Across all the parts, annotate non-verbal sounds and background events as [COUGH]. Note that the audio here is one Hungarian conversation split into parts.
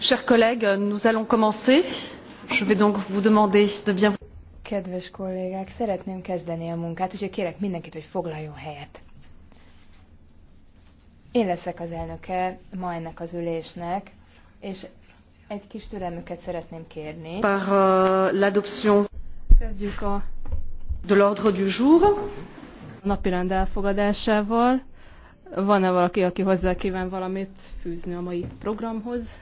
Chers collègues, nous allons commencer. Je vais donc vous demander de bien vous... Kedves kollégák, szeretném kezdeni a munkát, úgyhogy kérek mindenkit, hogy foglaljon helyet. Én leszek az elnöke ma ennek az ülésnek, és egy kis türelmüket szeretném kérni. Par uh, l'adoption. Kezdjük a de l'ordre du jour. A napirend elfogadásával. Van-e valaki, aki hozzá kíván valamit fűzni a mai programhoz?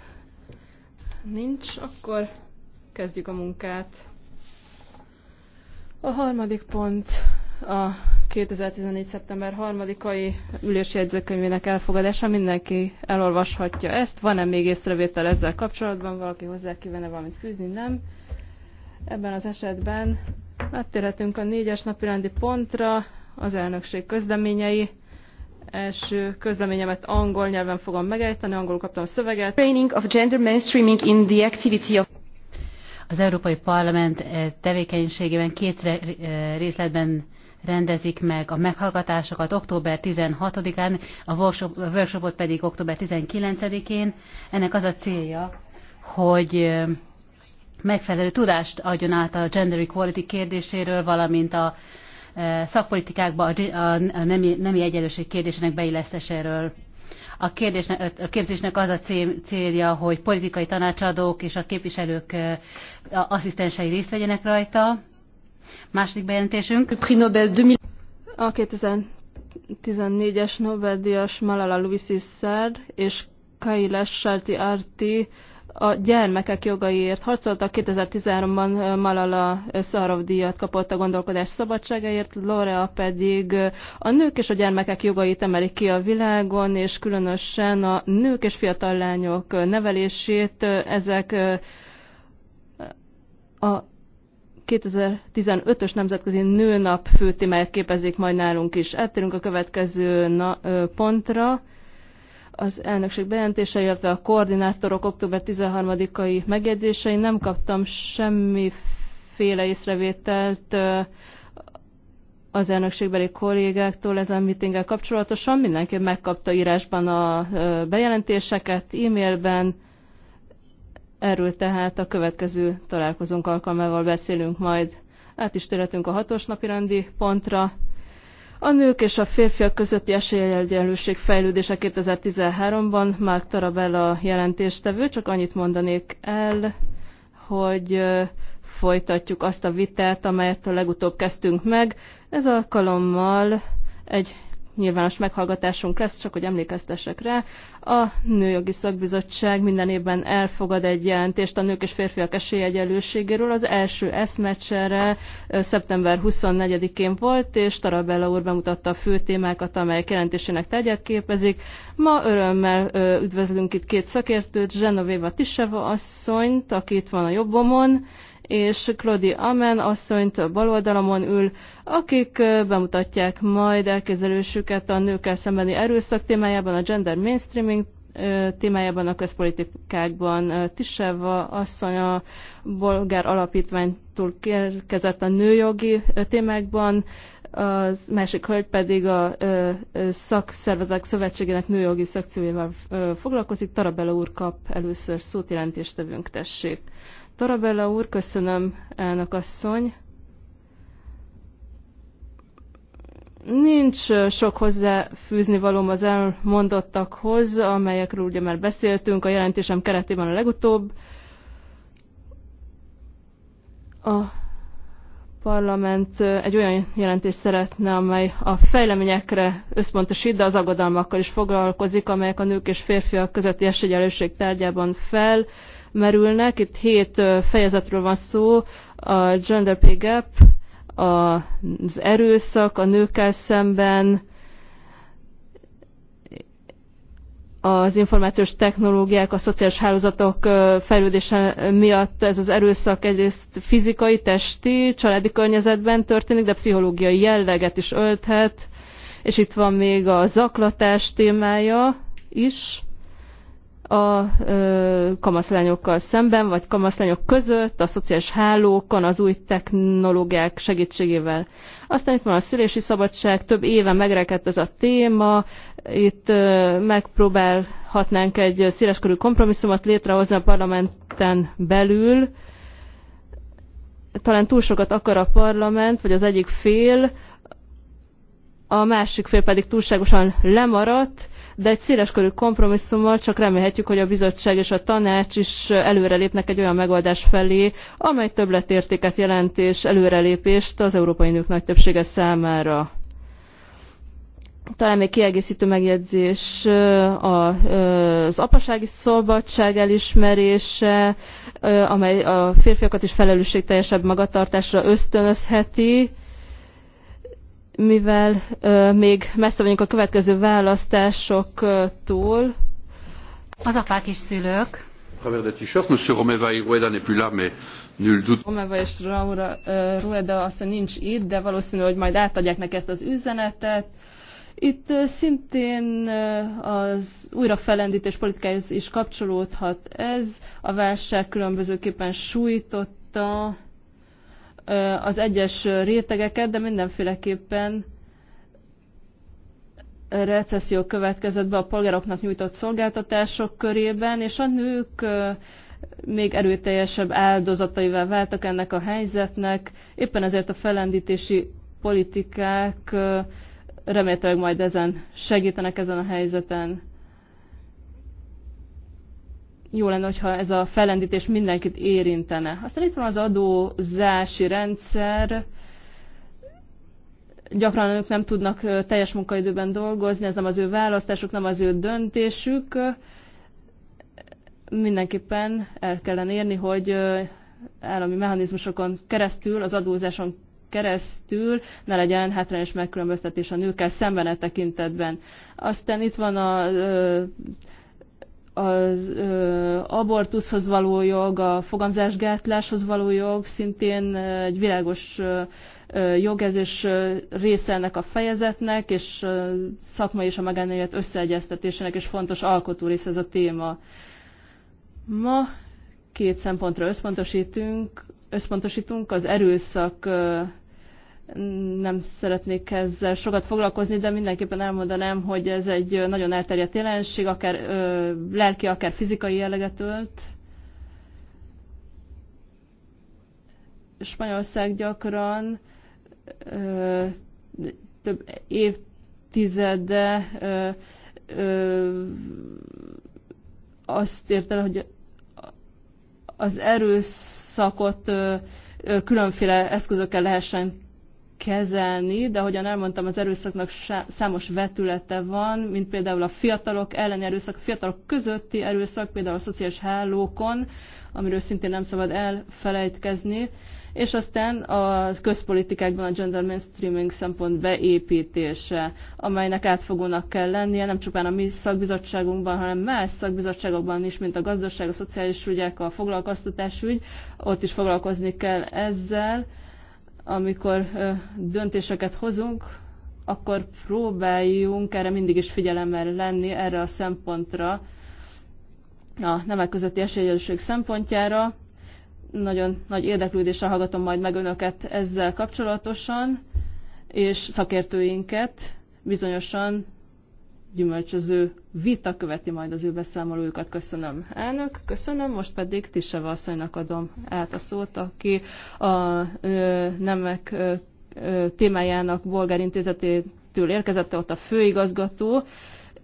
Nincs, akkor kezdjük a munkát. A harmadik pont a 2014. szeptember harmadikai ülésjegyzőkönyvének elfogadása. Mindenki elolvashatja ezt. Van-e még észrevétel ezzel kapcsolatban? Valaki hozzá kívánne valamit fűzni? Nem. Ebben az esetben áttérhetünk a négyes napirendi pontra, az elnökség közleményei első közleményemet angol nyelven fogom megejteni, angolul kaptam a szöveget. Training of gender mainstreaming in the activity of az Európai Parlament eh, tevékenységében két eh, részletben rendezik meg a meghallgatásokat október 16-án, a workshopot pedig október 19-én. Ennek az a célja, hogy eh, megfelelő tudást adjon át a gender equality kérdéséről, valamint a szakpolitikákba a nemi, nemi egyenlőség kérdésének beillesztéséről. A, kérdésnek, a képzésnek az a célja, hogy politikai tanácsadók és a képviselők asszisztensei részt vegyenek rajta. Második bejelentésünk. A 2014-es Nobel-díjas Malala Louis Szerd és Kaila Sharti Arti a gyermekek jogaiért harcoltak. 2013-ban Malala Szaharov díjat kapott a gondolkodás szabadságáért, Lorea pedig a nők és a gyermekek jogait emelik ki a világon, és különösen a nők és fiatal lányok nevelését. Ezek a 2015-ös nemzetközi nőnap fő témáját képezik majd nálunk is. Eltérünk a következő na, pontra az elnökség bejelentése, illetve a koordinátorok október 13-ai megjegyzései. Nem kaptam semmiféle észrevételt az elnökségbeli kollégáktól ezen mitinggel kapcsolatosan. Mindenki megkapta írásban a bejelentéseket, e-mailben. Erről tehát a következő találkozónk alkalmával beszélünk majd. Át is a hatos napi rendi pontra. A nők és a férfiak közötti esélyegyenlőség fejlődése 2013-ban már Tarabella jelentéstevő, csak annyit mondanék el, hogy folytatjuk azt a vitát, amelyet a legutóbb kezdtünk meg. Ez alkalommal egy nyilvános meghallgatásunk lesz, csak hogy emlékeztessek rá. A Nőjogi Szakbizottság minden évben elfogad egy jelentést a nők és férfiak esélyegyelőségéről. Az első eszmecsere szeptember 24-én volt, és Tarabella úr bemutatta a fő témákat, amelyek jelentésének tárgyát képezik. Ma örömmel üdvözlünk itt két szakértőt, Zsenovéva Tiseva asszonyt, aki itt van a jobbomon, és Claudi Amen asszonyt a bal oldalamon ül, akik bemutatják majd elképzelésüket a nőkkel szembeni erőszak témájában, a gender mainstreaming témájában, a közpolitikákban. Tiseva asszony a bolgár alapítványtól kérkezett a nőjogi témákban, a másik hölgy pedig a szakszervezetek szövetségének nőjogi szekciójával foglalkozik. Tarabella úr kap először szót, jelentéstevünk tessék. Tarabella úr, köszönöm, elnök asszony. Nincs sok hozzáfűzni valóm az elmondottakhoz, amelyekről ugye már beszéltünk a jelentésem keretében a legutóbb. A parlament egy olyan jelentést szeretne, amely a fejleményekre összpontosít, de az aggodalmakkal is foglalkozik, amelyek a nők és férfiak közötti esélyelőség tárgyában fel merülnek. Itt hét fejezetről van szó, a gender pay gap, az erőszak a nőkkel szemben, az információs technológiák, a szociális hálózatok fejlődése miatt ez az erőszak egyrészt fizikai, testi, családi környezetben történik, de pszichológiai jelleget is ölthet, és itt van még a zaklatás témája is a ö, kamaszlányokkal szemben, vagy kamaszlányok között, a szociális hálókon, az új technológiák segítségével. Aztán itt van a szülési szabadság, több éve megrekedt ez a téma, itt ö, megpróbálhatnánk egy széleskörű kompromisszumot létrehozni a parlamenten belül. Talán túl sokat akar a parlament, vagy az egyik fél, a másik fél pedig túlságosan lemaradt, de egy széleskörű kompromisszummal csak remélhetjük, hogy a bizottság és a tanács is előrelépnek egy olyan megoldás felé, amely többletértéket jelent és előrelépést az európai nők nagy többsége számára. Talán még kiegészítő megjegyzés az apasági szabadság elismerése, amely a férfiakat is felelősségteljesebb magatartásra ösztönözheti, mivel ö, még messze vagyunk a következő választásoktól. Az apák is szülők. Romeva és Raura, uh, Rueda mondja, nincs itt, de valószínű, hogy majd átadják neki ezt az üzenetet. Itt uh, szintén uh, az újrafelendítés politikához is kapcsolódhat ez. A válság különbözőképpen sújtotta az egyes rétegeket, de mindenféleképpen recesszió következett be a polgároknak nyújtott szolgáltatások körében, és a nők még erőteljesebb áldozataivá váltak ennek a helyzetnek. Éppen ezért a felendítési politikák remélhetőleg majd ezen segítenek ezen a helyzeten jó lenne, hogyha ez a fellendítés mindenkit érintene. Aztán itt van az adózási rendszer, gyakran ők nem tudnak teljes munkaidőben dolgozni, ez nem az ő választásuk, nem az ő döntésük. Mindenképpen el kellene érni, hogy állami mechanizmusokon keresztül, az adózáson keresztül ne legyen hátrányos megkülönböztetés a nőkkel szemben a e tekintetben. Aztán itt van a az ö, abortuszhoz való jog, a fogamzásgátláshoz való jog szintén egy világos ö, jog, ez is része ennek a fejezetnek, és ö, szakmai és a magánélet összeegyeztetésének is fontos alkotó része ez a téma. Ma két szempontra összpontosítunk, összpontosítunk az erőszak nem szeretnék ezzel sokat foglalkozni, de mindenképpen elmondanám, hogy ez egy nagyon elterjedt jelenség, akár ö, lelki, akár fizikai jelleget ölt. Spanyolország gyakran ö, több évtizede ö, ö, azt érte, hogy az erőszakot ö, különféle eszközökkel lehessen kezelni, de ahogyan elmondtam, az erőszaknak számos vetülete van, mint például a fiatalok elleni erőszak, a fiatalok közötti erőszak, például a szociális hálókon, amiről szintén nem szabad elfelejtkezni, és aztán a közpolitikákban a gender mainstreaming szempont beépítése, amelynek átfogónak kell lennie, nem csupán a mi szakbizottságunkban, hanem más szakbizottságokban is, mint a gazdaság, a szociális ügyek, a ügy, ott is foglalkozni kell ezzel, amikor döntéseket hozunk, akkor próbáljunk erre mindig is figyelemmel lenni, erre a szempontra, a nemek közötti esélyegyenlőség szempontjára. Nagyon nagy érdeklődéssel hallgatom majd meg önöket ezzel kapcsolatosan, és szakértőinket bizonyosan gyümölcsöző vita követi majd az ő beszámolójukat. Köszönöm, elnök. Köszönöm, most pedig Tiseva asszonynak adom át a szót, aki a nemek témájának bolgár intézetétől érkezett, ott a főigazgató,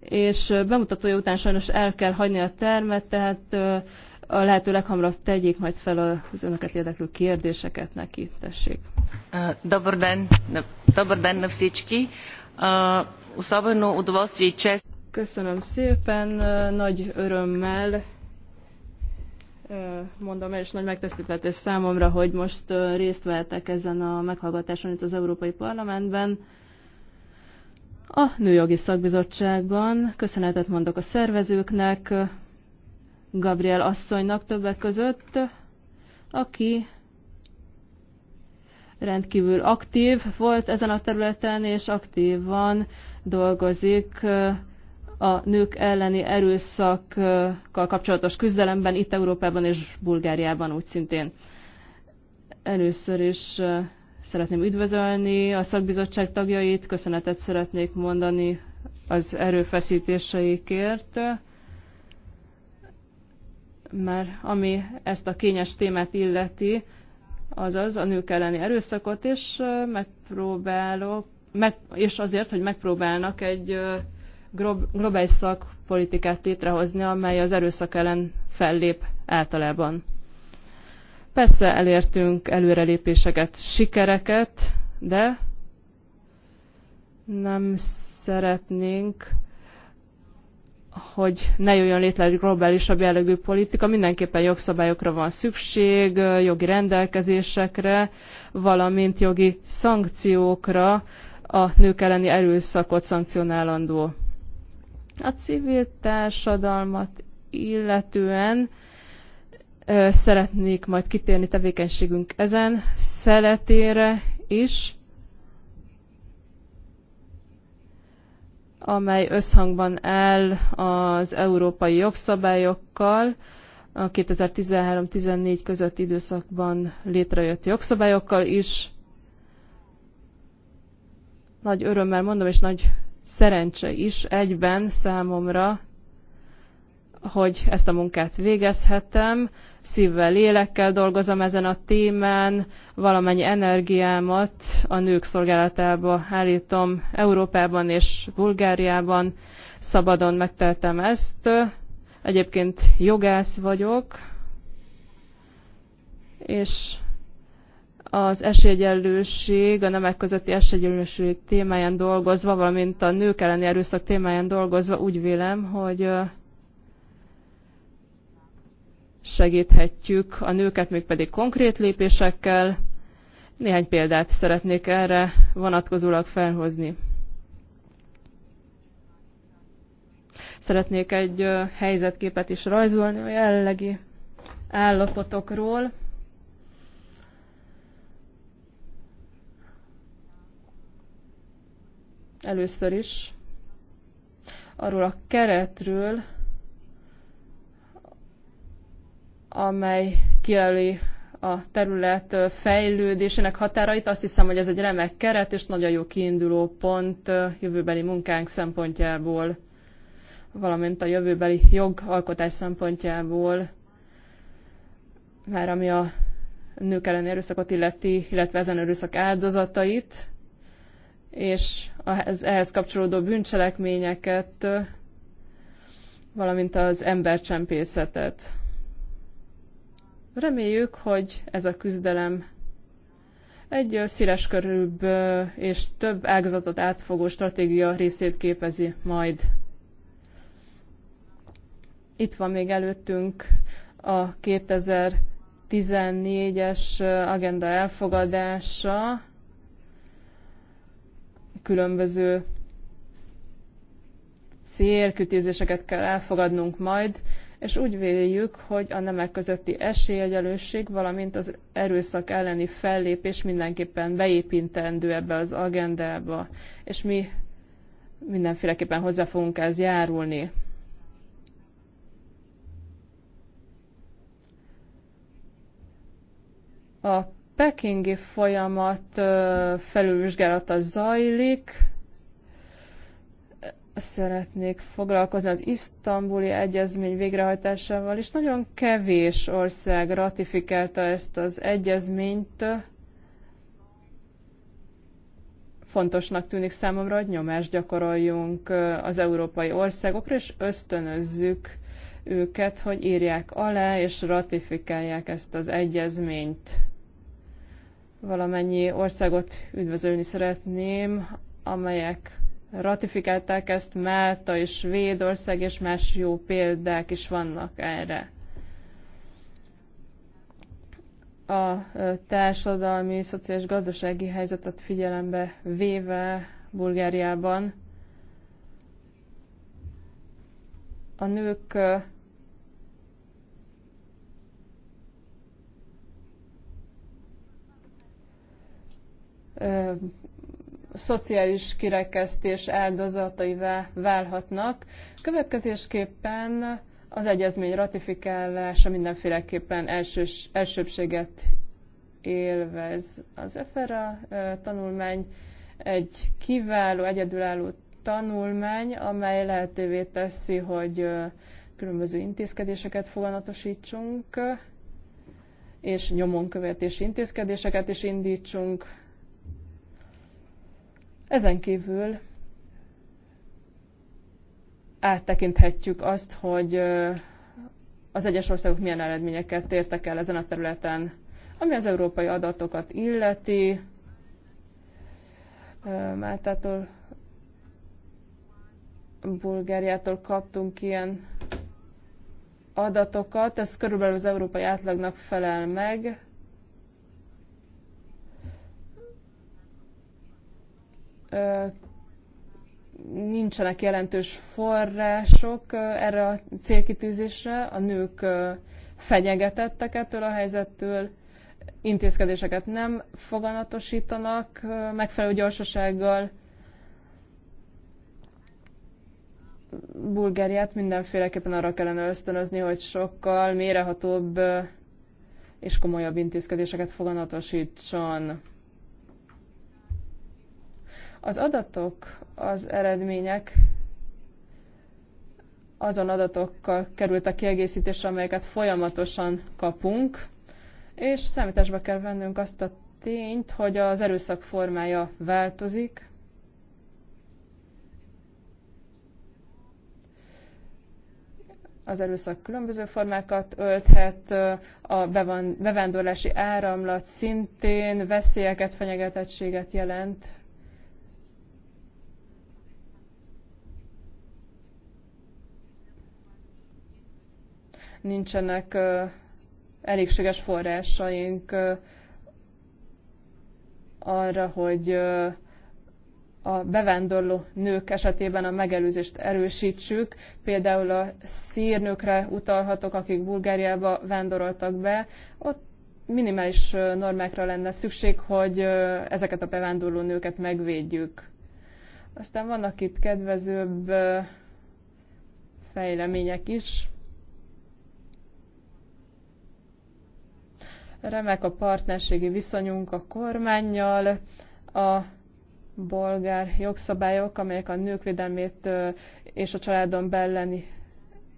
és bemutatója után sajnos el kell hagyni a termet, tehát a lehető leghamarabb tegyék majd fel az önöket érdeklő kérdéseket neki, tessék. Dobrden, dobrden, Köszönöm szépen, nagy örömmel mondom el, és nagy megtiszteltetés számomra, hogy most részt vehetek ezen a meghallgatáson itt az Európai Parlamentben, a Nőjogi Szakbizottságban. Köszönetet mondok a szervezőknek, Gabriel asszonynak többek között, aki rendkívül aktív volt ezen a területen, és aktívan dolgozik a nők elleni erőszakkal kapcsolatos küzdelemben, itt Európában és Bulgáriában úgy szintén. Először is szeretném üdvözölni a szakbizottság tagjait, köszönetet szeretnék mondani az erőfeszítéseikért. Már ami ezt a kényes témát illeti, azaz a nők elleni erőszakot, és megpróbálok meg, és azért, hogy megpróbálnak egy globális szakpolitikát létrehozni, amely az erőszak ellen fellép általában. Persze elértünk előrelépéseket, sikereket, de nem szeretnénk, hogy ne jöjjön létre egy globálisabb jellegű politika, mindenképpen jogszabályokra van szükség, jogi rendelkezésekre, valamint jogi szankciókra, a nők elleni erőszakot szankcionálandó. A civil társadalmat illetően szeretnék majd kitérni tevékenységünk ezen szeletére is, amely összhangban áll az európai jogszabályokkal, a 2013-14 közötti időszakban létrejött jogszabályokkal is, nagy örömmel mondom, és nagy szerencse is egyben számomra, hogy ezt a munkát végezhetem, szívvel, lélekkel dolgozom ezen a témán, valamennyi energiámat a nők szolgálatába állítom Európában és Bulgáriában, szabadon megteltem ezt. Egyébként jogász vagyok, és az esélyegyenlőség, a nemek közötti esélyegyenlőség témáján dolgozva, valamint a nők elleni erőszak témáján dolgozva úgy vélem, hogy segíthetjük a nőket, pedig konkrét lépésekkel. Néhány példát szeretnék erre vonatkozólag felhozni. Szeretnék egy helyzetképet is rajzolni a jellegi állapotokról. Először is arról a keretről, amely kijelöli a terület fejlődésének határait. Azt hiszem, hogy ez egy remek keret, és nagyon jó kiinduló pont jövőbeli munkánk szempontjából, valamint a jövőbeli jogalkotás szempontjából, már ami a nők ellen erőszakot illeti, illetve ezen erőszak áldozatait és az ehhez kapcsolódó bűncselekményeket, valamint az embercsempészetet. Reméljük, hogy ez a küzdelem egy körülbb és több ágazatot átfogó stratégia részét képezi majd. Itt van még előttünk a 2014-es agenda elfogadása, különböző célkütézéseket kell elfogadnunk majd, és úgy véljük, hogy a nemek közötti esélyegyelősség, valamint az erőszak elleni fellépés mindenképpen beépintendő ebbe az agendába, és mi mindenféleképpen hozzá fogunk ez járulni. A pekingi folyamat felülvizsgálata zajlik. Szeretnék foglalkozni az isztambuli egyezmény végrehajtásával is. Nagyon kevés ország ratifikálta ezt az egyezményt. Fontosnak tűnik számomra, hogy nyomást gyakoroljunk az európai országokra, és ösztönözzük őket, hogy írják alá és ratifikálják ezt az egyezményt valamennyi országot üdvözölni szeretném, amelyek ratifikálták ezt, Málta és Svédország és más jó példák is vannak erre. A társadalmi, szociális, gazdasági helyzetet figyelembe véve Bulgáriában a nők ö, szociális kirekesztés áldozataivá válhatnak. Következésképpen az egyezmény ratifikálása mindenféleképpen elsős, elsőbséget élvez. Az EFERA tanulmány egy kiváló, egyedülálló tanulmány, amely lehetővé teszi, hogy különböző intézkedéseket foganatosítsunk, és nyomonkövetési intézkedéseket is indítsunk ezen kívül áttekinthetjük azt, hogy az egyes országok milyen eredményeket értek el ezen a területen, ami az európai adatokat illeti. Máltától, Bulgáriától kaptunk ilyen adatokat, ez körülbelül az európai átlagnak felel meg. nincsenek jelentős források erre a célkitűzésre, a nők fenyegetettek ettől a helyzettől, intézkedéseket nem foganatosítanak megfelelő gyorsasággal. Bulgáriát mindenféleképpen arra kellene ösztönözni, hogy sokkal mérehatóbb és komolyabb intézkedéseket foganatosítson. Az adatok, az eredmények azon adatokkal kerültek kiegészítésre, amelyeket folyamatosan kapunk, és számításba kell vennünk azt a tényt, hogy az erőszak formája változik, az erőszak különböző formákat ölthet, a bevándorlási áramlat szintén veszélyeket, fenyegetettséget jelent nincsenek elégséges forrásaink arra, hogy a bevándorló nők esetében a megelőzést erősítsük. Például a szírnőkre utalhatok, akik Bulgáriába vándoroltak be. Ott minimális normákra lenne szükség, hogy ezeket a bevándorló nőket megvédjük. Aztán vannak itt kedvezőbb fejlemények is. Remek a partnerségi viszonyunk a kormányjal, a bolgár jogszabályok, amelyek a nők védelmét és a családon belleni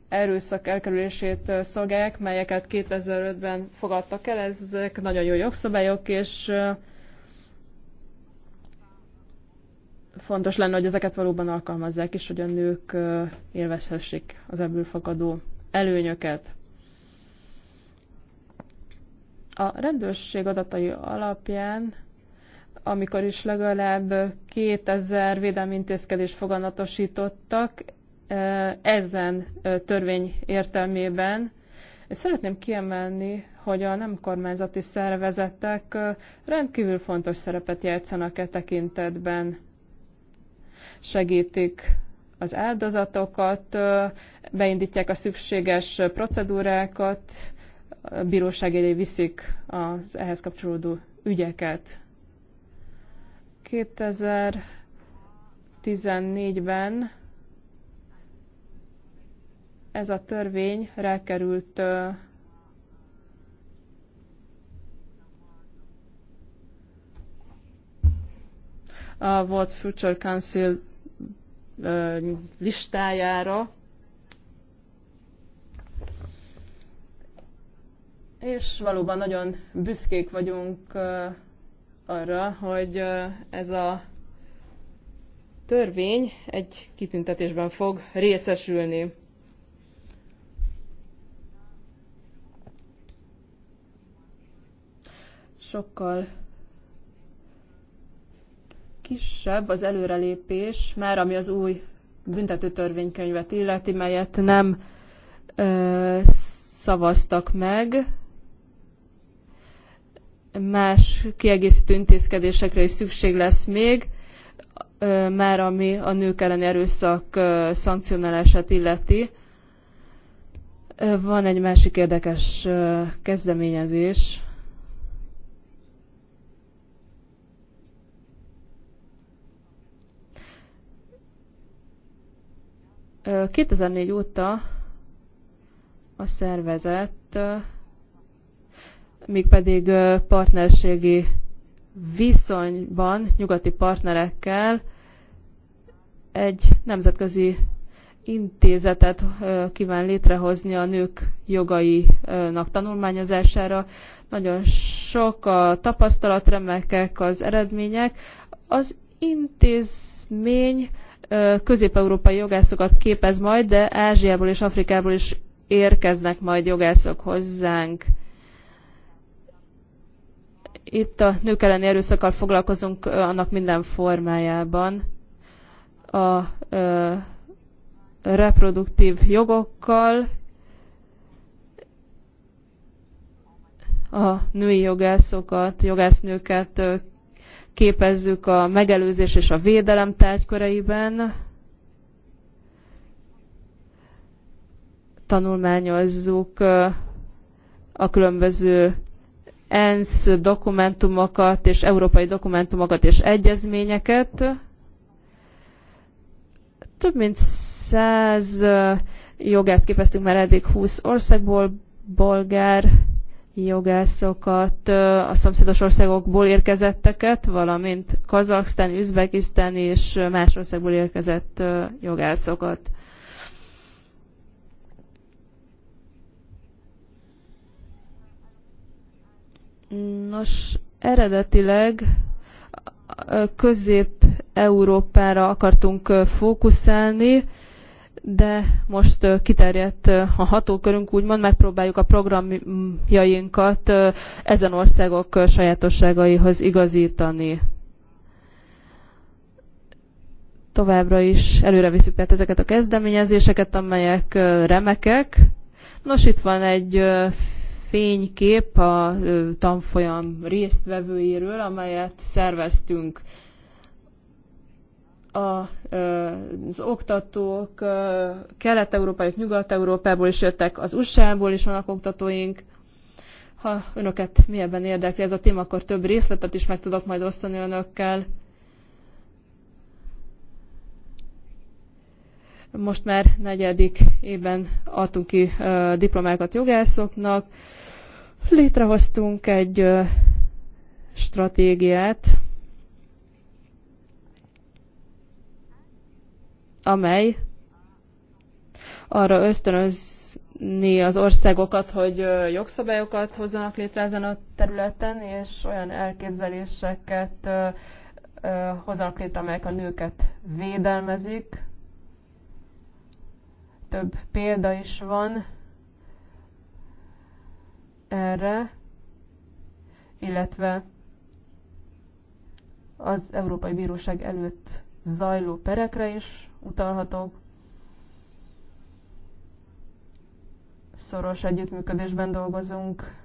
erőszak elkerülését szolgálják, melyeket 2005-ben fogadtak el. Ezek nagyon jó jogszabályok, és fontos lenne, hogy ezeket valóban alkalmazzák, és hogy a nők élvezhessék az ebből fakadó előnyöket. A rendőrség adatai alapján, amikor is legalább 2000 védelmi intézkedést foganatosítottak, e, ezen e, törvény értelmében, és szeretném kiemelni, hogy a nem kormányzati szervezetek e, rendkívül fontos szerepet játszanak e tekintetben. Segítik az áldozatokat, beindítják a szükséges procedúrákat, a bíróság elé viszik az ehhez kapcsolódó ügyeket. 2014-ben ez a törvény rákerült a World Future Council listájára, és valóban nagyon büszkék vagyunk arra, hogy ez a törvény egy kitüntetésben fog részesülni. Sokkal kisebb az előrelépés, már ami az új büntetőtörvénykönyvet illeti, melyet nem ö, szavaztak meg, más kiegészítő intézkedésekre is szükség lesz még, már ami a nők elleni erőszak szankcionálását illeti. Van egy másik érdekes kezdeményezés. Ö, 2004 óta a szervezet mégpedig partnerségi viszonyban nyugati partnerekkel egy nemzetközi intézetet kíván létrehozni a nők jogainak tanulmányozására. Nagyon sok a tapasztalat, remekek az eredmények. Az intézmény közép-európai jogászokat képez majd, de Ázsiából és Afrikából is érkeznek majd jogászok hozzánk. Itt a nők elleni erőszakkal foglalkozunk annak minden formájában. A ö, reproduktív jogokkal, a női jogászokat, jogásznőket képezzük a megelőzés és a védelem tárgyköreiben. Tanulmányozzuk a különböző ENSZ dokumentumokat és európai dokumentumokat és egyezményeket. Több mint száz jogász képeztünk már eddig 20 országból, bolgár jogászokat, a szomszédos országokból érkezetteket, valamint Kazaksztán, Üzbegisztán és más országból érkezett jogászokat. Nos, eredetileg Közép-Európára akartunk fókuszálni, de most kiterjedt a hatókörünk, úgymond megpróbáljuk a programjainkat ezen országok sajátosságaihoz igazítani. Továbbra is előre viszük tehát ezeket a kezdeményezéseket, amelyek remekek. Nos, itt van egy fénykép a tanfolyam résztvevőiről, amelyet szerveztünk a, az oktatók kelet-európai, nyugat-európából is jöttek, az USA-ból is vannak oktatóink. Ha önöket mélyebben érdekli ez a téma, akkor több részletet is meg tudok majd osztani önökkel. Most már negyedik évben adtunk ki diplomákat jogászoknak. Létrehoztunk egy stratégiát, amely arra ösztönözni az országokat, hogy jogszabályokat hozzanak létre ezen a területen, és olyan elképzeléseket hozzanak létre, amelyek a nőket védelmezik. Több példa is van erre, illetve az Európai Bíróság előtt zajló perekre is utalhatok. Szoros együttműködésben dolgozunk.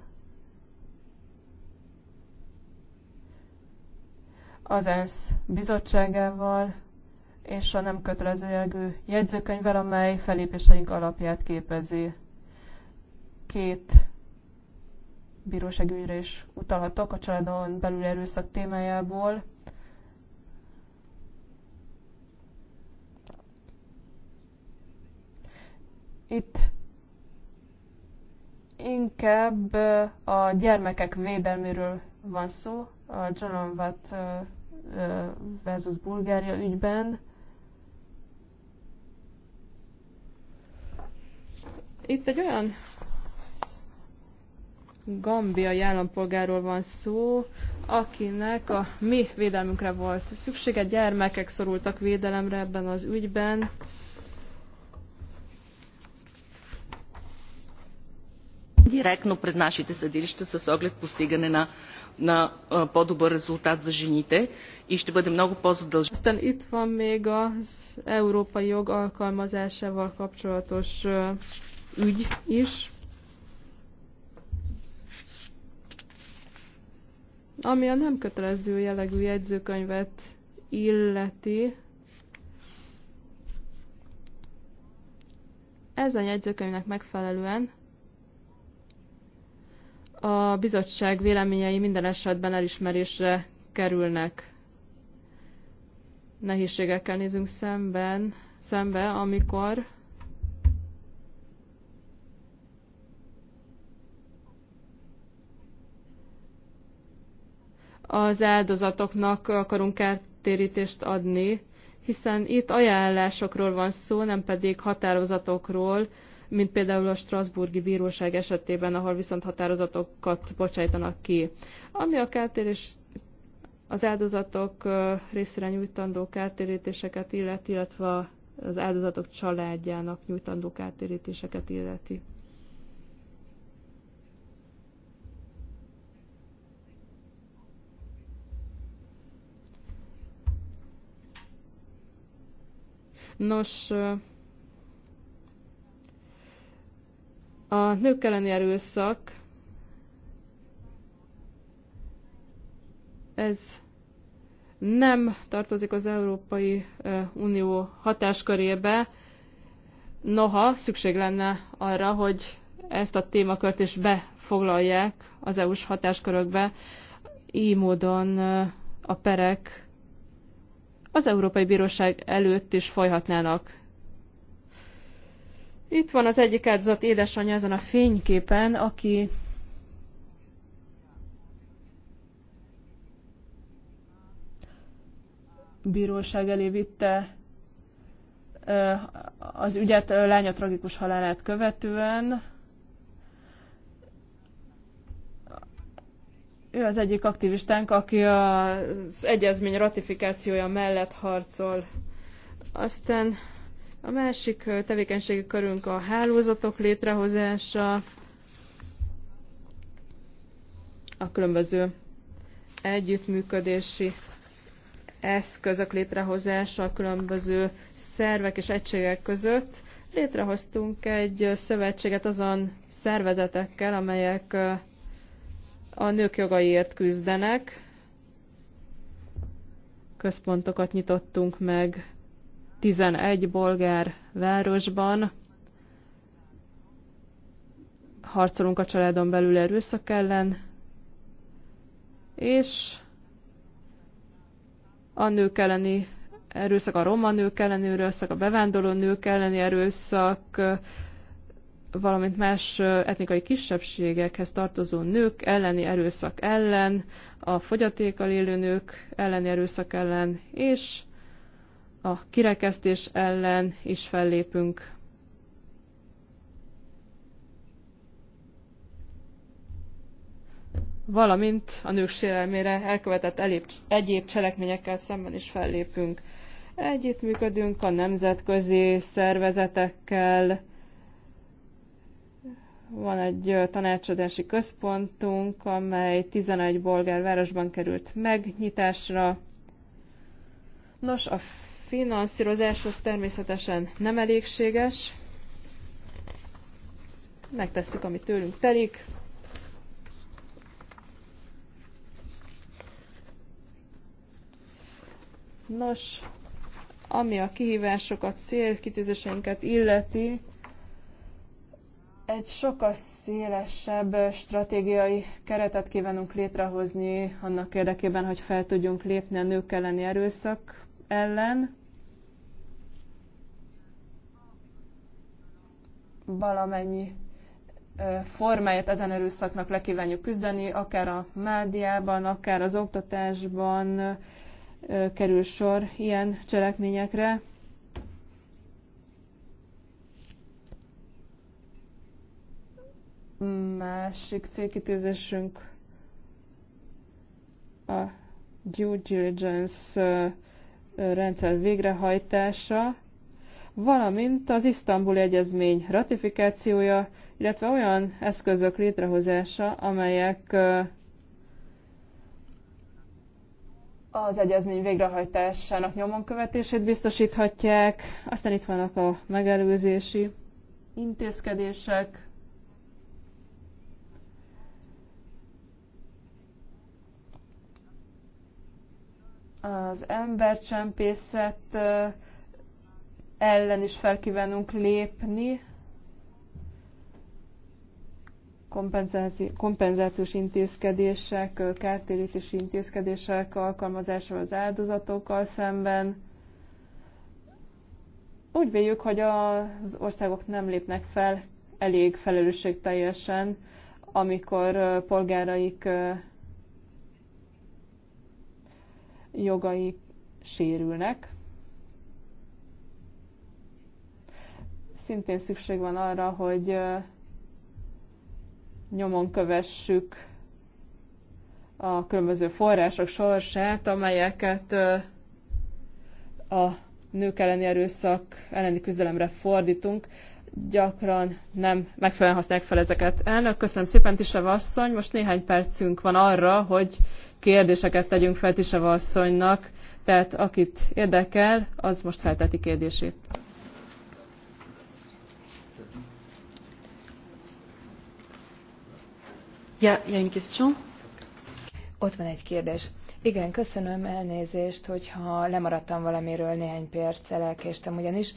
Az ENSZ bizottságával és a nem kötelező jelgő jegyzőkönyvvel, amely felépéseink alapját képezi. Két bíróság ügyre is utalhatok a családon belül erőszak témájából. Itt inkább a gyermekek védelméről van szó, a John Watt versus Bulgária ügyben. Itt egy olyan gambiai állampolgáról van szó, akinek a mi védelmünkre volt szüksége. Gyermekek szorultak védelemre ebben az ügyben. директно пред нашите съдилища с оглед постигане на, на по добър резултат за жените и ще бъде много по Aztán itt van még az európai jog alkalmazásával kapcsolatos ügy is. Ami a nem kötelező jellegű jegyzőkönyvet illeti, ezen jegyzőkönyvnek megfelelően a bizottság véleményei minden esetben elismerésre kerülnek. Nehézségekkel nézünk szemben, szembe, amikor az áldozatoknak akarunk kártérítést adni, hiszen itt ajánlásokról van szó, nem pedig határozatokról, mint például a Strasburgi Bíróság esetében, ahol viszont határozatokat bocsájtanak ki. Ami a kártérés az áldozatok részére nyújtandó kártérítéseket illeti, illetve az áldozatok családjának nyújtandó kártérítéseket illeti. Nos, a nők elleni erőszak, ez nem tartozik az Európai Unió hatáskörébe, noha szükség lenne arra, hogy ezt a témakört is befoglalják az EU-s hatáskörökbe, így módon a perek az Európai Bíróság előtt is folyhatnának. Itt van az egyik áldozat édesanyja ezen a fényképen, aki bíróság elé vitte az ügyet lánya tragikus halálát követően. Ő az egyik aktivistánk, aki az egyezmény ratifikációja mellett harcol. Aztán a másik tevékenységi körünk a hálózatok létrehozása, a különböző együttműködési eszközök létrehozása a különböző szervek és egységek között. Létrehoztunk egy szövetséget azon szervezetekkel, amelyek a nők jogaiért küzdenek. Központokat nyitottunk meg 11 bolgár városban. Harcolunk a családon belül erőszak ellen, és a nők elleni erőszak, a roma nők elleni erőszak, a bevándorló nők elleni erőszak, valamint más etnikai kisebbségekhez tartozó nők elleni erőszak ellen, a fogyatékkal élő nők elleni erőszak ellen, és a kirekesztés ellen is fellépünk. Valamint a nők sérelmére elkövetett egyéb cselekményekkel szemben is fellépünk. Együttműködünk a nemzetközi szervezetekkel, van egy tanácsadási központunk, amely 11 bolgár városban került megnyitásra. Nos, a az természetesen nem elégséges. Megtesszük, ami tőlünk telik. Nos, ami a kihívások, a célkitűzéseinket illeti, egy sokkal szélesebb stratégiai keretet kívánunk létrehozni annak érdekében, hogy fel tudjunk lépni a nők elleni erőszak ellen, valamennyi formáját ezen erőszaknak le kívánjuk küzdeni, akár a médiában, akár az oktatásban kerül sor ilyen cselekményekre. másik célkitűzésünk a due diligence rendszer végrehajtása, valamint az isztambuli egyezmény ratifikációja, illetve olyan eszközök létrehozása, amelyek az egyezmény végrehajtásának nyomon követését biztosíthatják. Aztán itt vannak a megelőzési intézkedések, az embercsempészet ellen is felkívánunk lépni, kompenzációs intézkedések, kártérítési intézkedések alkalmazása az áldozatokkal szemben. Úgy véljük, hogy az országok nem lépnek fel elég felelősségteljesen, amikor polgáraik jogai sérülnek. Szintén szükség van arra, hogy nyomon kövessük a különböző források sorsát, amelyeket a nők elleni erőszak elleni küzdelemre fordítunk, gyakran nem megfelelően használják fel ezeket. Elnök, köszönöm szépen, Tiseva asszony. Most néhány percünk van arra, hogy kérdéseket tegyünk fel Tiseva asszonynak, tehát akit érdekel, az most felteti kérdését. Ja, ja, Ott van egy kérdés. Igen, köszönöm elnézést, hogyha lemaradtam valamiről néhány perccel, elkéstem ugyanis.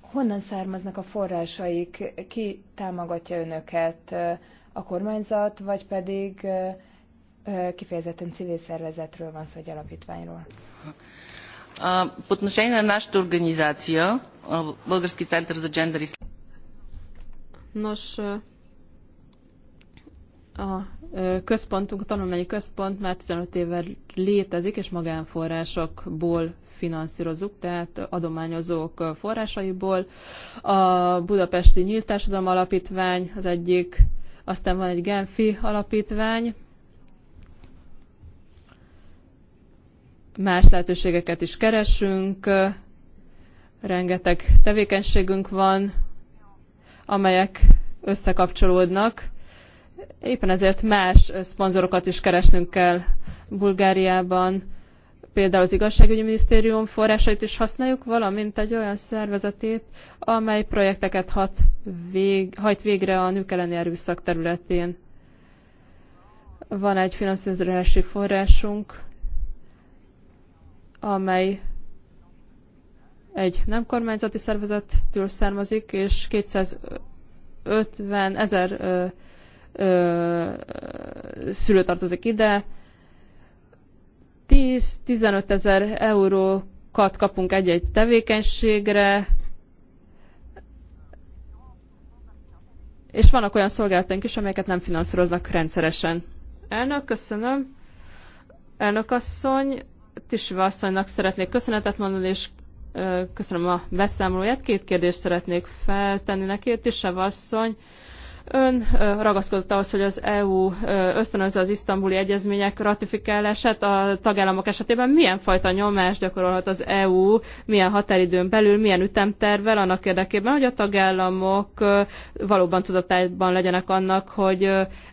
Honnan származnak a forrásaik? Ki támogatja önöket? A kormányzat, vagy pedig kifejezetten civil szervezetről van szó, egy alapítványról. По отношение на нашата организация, Български център за джендър Nos, e, a e, központunk, a tanulmányi központ már 15 éve létezik, és magánforrásokból finanszírozunk, tehát adományozók forrásaiból. A Budapesti Nyílt Társadalom Alapítvány az egyik, aztán van egy Genfi alapítvány, más lehetőségeket is keresünk, rengeteg tevékenységünk van, amelyek összekapcsolódnak. Éppen ezért más szponzorokat is keresnünk kell Bulgáriában. Például az igazságügyi minisztérium forrásait is használjuk, valamint egy olyan szervezetét, amely projekteket hat vég, hajt végre a nők elleni erőszak területén. Van egy finanszírozási forrásunk, amely egy nem kormányzati szervezettől származik, és 250 ezer szülő tartozik ide. 10-15 ezer eurókat kapunk egy-egy tevékenységre, és vannak olyan szolgálataink is, amelyeket nem finanszíroznak rendszeresen. Elnök, köszönöm. Elnök asszony, Tisiva asszonynak szeretnék köszönetet mondani, és köszönöm a beszámolóját. Két kérdést szeretnék feltenni neki. Tisiva asszony Ön ragaszkodott ahhoz, hogy az EU ösztönözze az isztambuli egyezmények ratifikálását a tagállamok esetében. Milyen fajta nyomást gyakorolhat az EU, milyen határidőn belül, milyen ütemtervvel annak érdekében, hogy a tagállamok valóban tudatában legyenek annak, hogy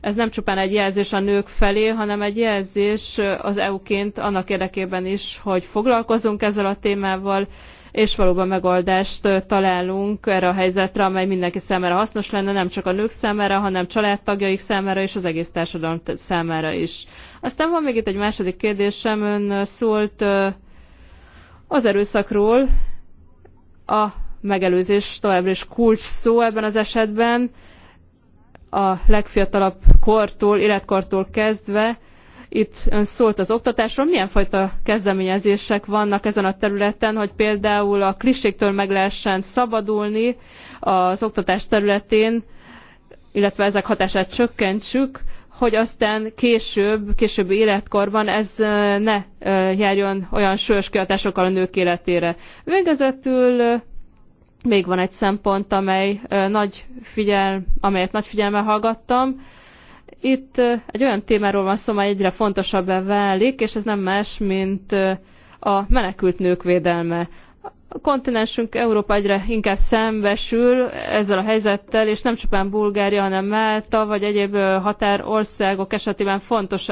ez nem csupán egy jelzés a nők felé, hanem egy jelzés az EU-ként annak érdekében is, hogy foglalkozunk ezzel a témával, és valóban megoldást találunk erre a helyzetre, amely mindenki számára hasznos lenne, nem csak a nők számára, hanem családtagjaik számára és az egész társadalom számára is. Aztán van még itt egy második kérdésem, ön szólt az erőszakról, a megelőzés továbbra is kulcs szó ebben az esetben, a legfiatalabb kortól, életkortól kezdve, itt ön szólt az oktatásról, milyen fajta kezdeményezések vannak ezen a területen, hogy például a klisséktől meg lehessen szabadulni az oktatás területén, illetve ezek hatását csökkentsük, hogy aztán később, későbbi életkorban ez ne járjon olyan súlyos kihatásokkal a nők életére. Végezetül még van egy szempont, amely nagy figyel, amelyet nagy figyelme hallgattam, itt egy olyan témáról van szó, mely egyre fontosabbá válik, és ez nem más, mint a menekült nők védelme. A kontinensünk Európa egyre inkább szembesül ezzel a helyzettel, és nem csupán Bulgária, hanem Málta vagy egyéb határországok esetében fontos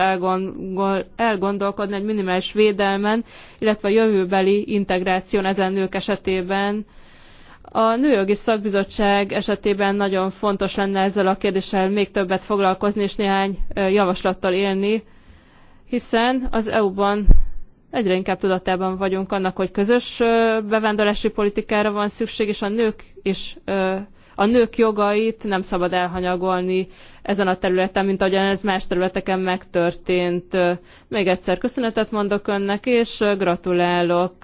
elgondolkodni egy minimális védelmen, illetve a jövőbeli integráción ezen nők esetében, a Nőjogi Szakbizottság esetében nagyon fontos lenne ezzel a kérdéssel még többet foglalkozni és néhány javaslattal élni, hiszen az EU-ban egyre inkább tudatában vagyunk annak, hogy közös bevándorlási politikára van szükség, és a nők is a nők jogait nem szabad elhanyagolni ezen a területen, mint ahogyan ez más területeken megtörtént. Még egyszer köszönetet mondok önnek, és gratulálok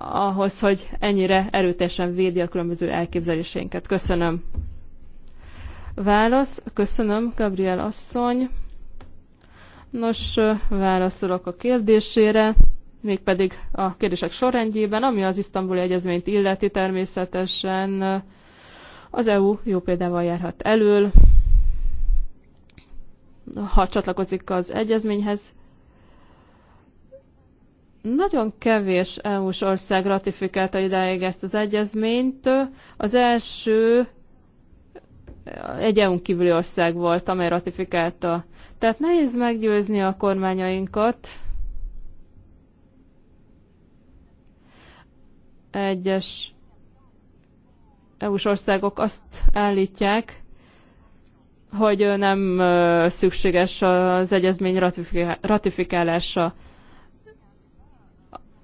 ahhoz, hogy ennyire erőteljesen védi a különböző elképzeléseinket. Köszönöm. Válasz. Köszönöm, Gabriel asszony. Nos, válaszolok a kérdésére, mégpedig a kérdések sorrendjében, ami az isztambuli egyezményt illeti természetesen az EU jó példával járhat elől, ha csatlakozik az egyezményhez, nagyon kevés EU-s ország ratifikálta idáig ezt az egyezményt. Az első egy EU-n kívüli ország volt, amely ratifikálta. Tehát nehéz meggyőzni a kormányainkat, egyes EU-s országok azt állítják, hogy nem szükséges az egyezmény ratifikálása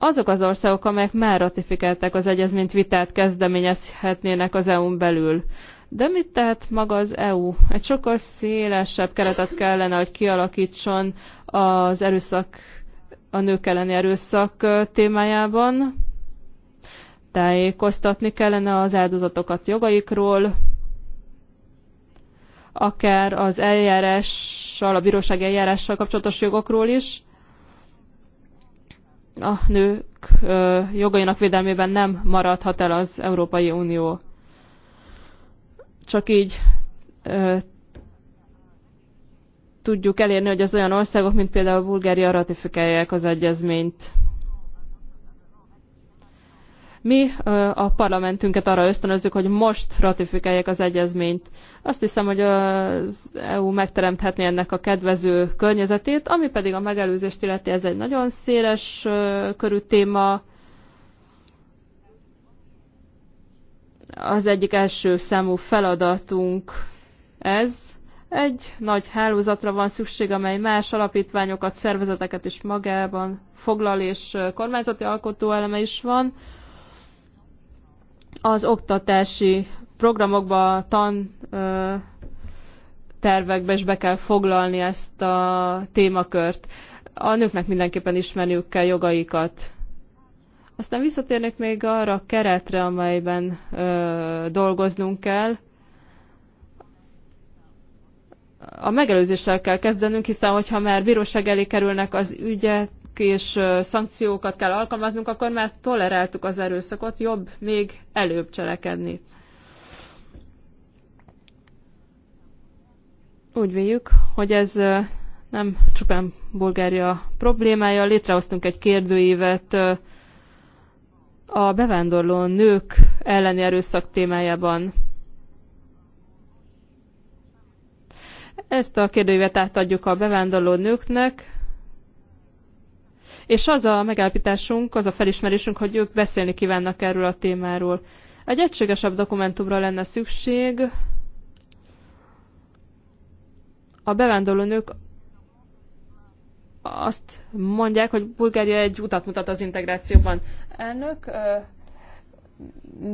azok az országok, amelyek már ratifikálták az egyezményt, vitát kezdeményezhetnének az EU-n belül. De mit tehet maga az EU? Egy sokkal szélesebb keretet kellene, hogy kialakítson az erőszak, a nők elleni erőszak témájában. Tájékoztatni kellene az áldozatokat jogaikról, akár az eljárással, a bíróság eljárással kapcsolatos jogokról is a nők jogainak védelmében nem maradhat el az Európai Unió. Csak így tudjuk elérni, hogy az olyan országok, mint például Bulgária ratifikálják az egyezményt. Mi a parlamentünket arra ösztönözzük, hogy most ratifikálják az egyezményt. Azt hiszem, hogy az EU megteremthetné ennek a kedvező környezetét, ami pedig a megelőzést illeti, ez egy nagyon széles körű téma. Az egyik első számú feladatunk ez, egy nagy hálózatra van szükség, amely más alapítványokat, szervezeteket is magában foglal, és kormányzati alkotóeleme is van az oktatási programokba, tan tervekbe is be kell foglalni ezt a témakört. A nőknek mindenképpen ismerniük kell jogaikat. Aztán visszatérnék még arra a keretre, amelyben ö, dolgoznunk kell. A megelőzéssel kell kezdenünk, hiszen hogyha már bíróság elé kerülnek az ügyet, és szankciókat kell alkalmaznunk, akkor már toleráltuk az erőszakot, jobb még előbb cselekedni. Úgy véljük, hogy ez nem csupán Bulgária problémája. Létrehoztunk egy kérdőívet a bevándorló nők elleni erőszak témájában. Ezt a kérdőívet átadjuk a bevándorló nőknek, és az a megállapításunk, az a felismerésünk, hogy ők beszélni kívánnak erről a témáról. Egy egységesebb dokumentumra lenne szükség. A bevándorlónők azt mondják, hogy Bulgária egy utat mutat az integrációban. Elnök,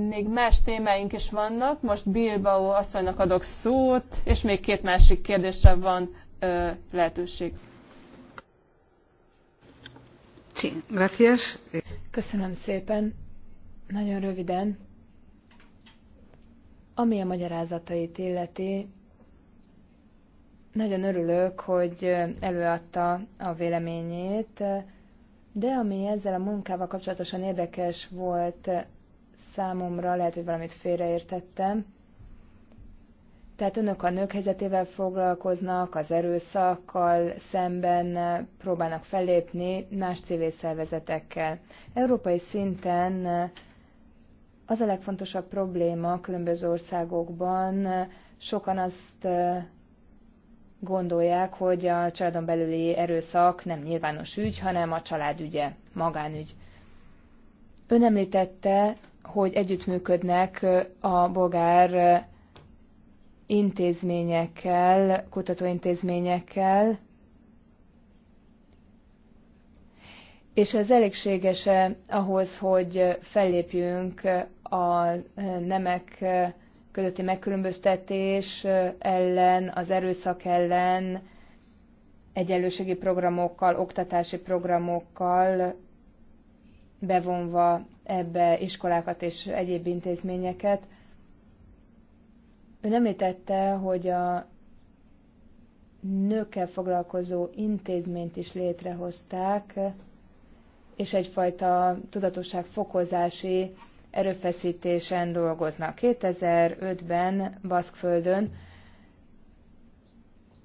még más témáink is vannak. Most Bilbao asszonynak adok szót, és még két másik kérdésre van lehetőség. Köszönöm szépen. Nagyon röviden. Ami a magyarázatait illeti, nagyon örülök, hogy előadta a véleményét, de ami ezzel a munkával kapcsolatosan érdekes volt számomra, lehet, hogy valamit félreértettem, tehát önök a nők helyzetével foglalkoznak, az erőszakkal szemben eh, próbálnak fellépni más civil szervezetekkel. Európai szinten eh, az a legfontosabb probléma különböző országokban, eh, sokan azt gondolják, hogy a családon belüli erőszak nem nyilvános ügy, hanem a család ügye, magánügy. Ön említette, hogy együttműködnek a bolgár intézményekkel, kutatóintézményekkel, és ez elégséges ahhoz, hogy fellépjünk a nemek közötti megkülönböztetés ellen, az erőszak ellen, egyenlőségi programokkal, oktatási programokkal bevonva ebbe iskolákat és egyéb intézményeket. Ön említette, hogy a nőkkel foglalkozó intézményt is létrehozták, és egyfajta tudatosság fokozási erőfeszítésen dolgoznak. 2005-ben Baszkföldön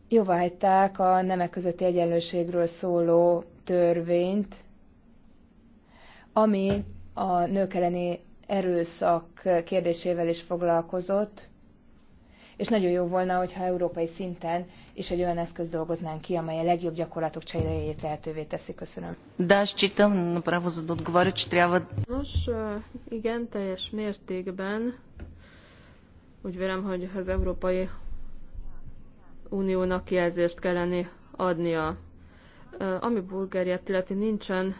jóváhagyták a nemek közötti egyenlőségről szóló törvényt, ami a nők elleni erőszak kérdésével is foglalkozott, és nagyon jó volna, hogyha európai szinten is egy olyan eszköz dolgoznánk ki, amely a legjobb gyakorlatok cseréjét lehetővé teszi. Köszönöm. Да, считам, направо за да че трябва... Nos, igen, teljes mértékben úgy vélem, hogy az Európai Uniónak jelzést kellene adnia. Ami Bulgáriát illeti, nincsen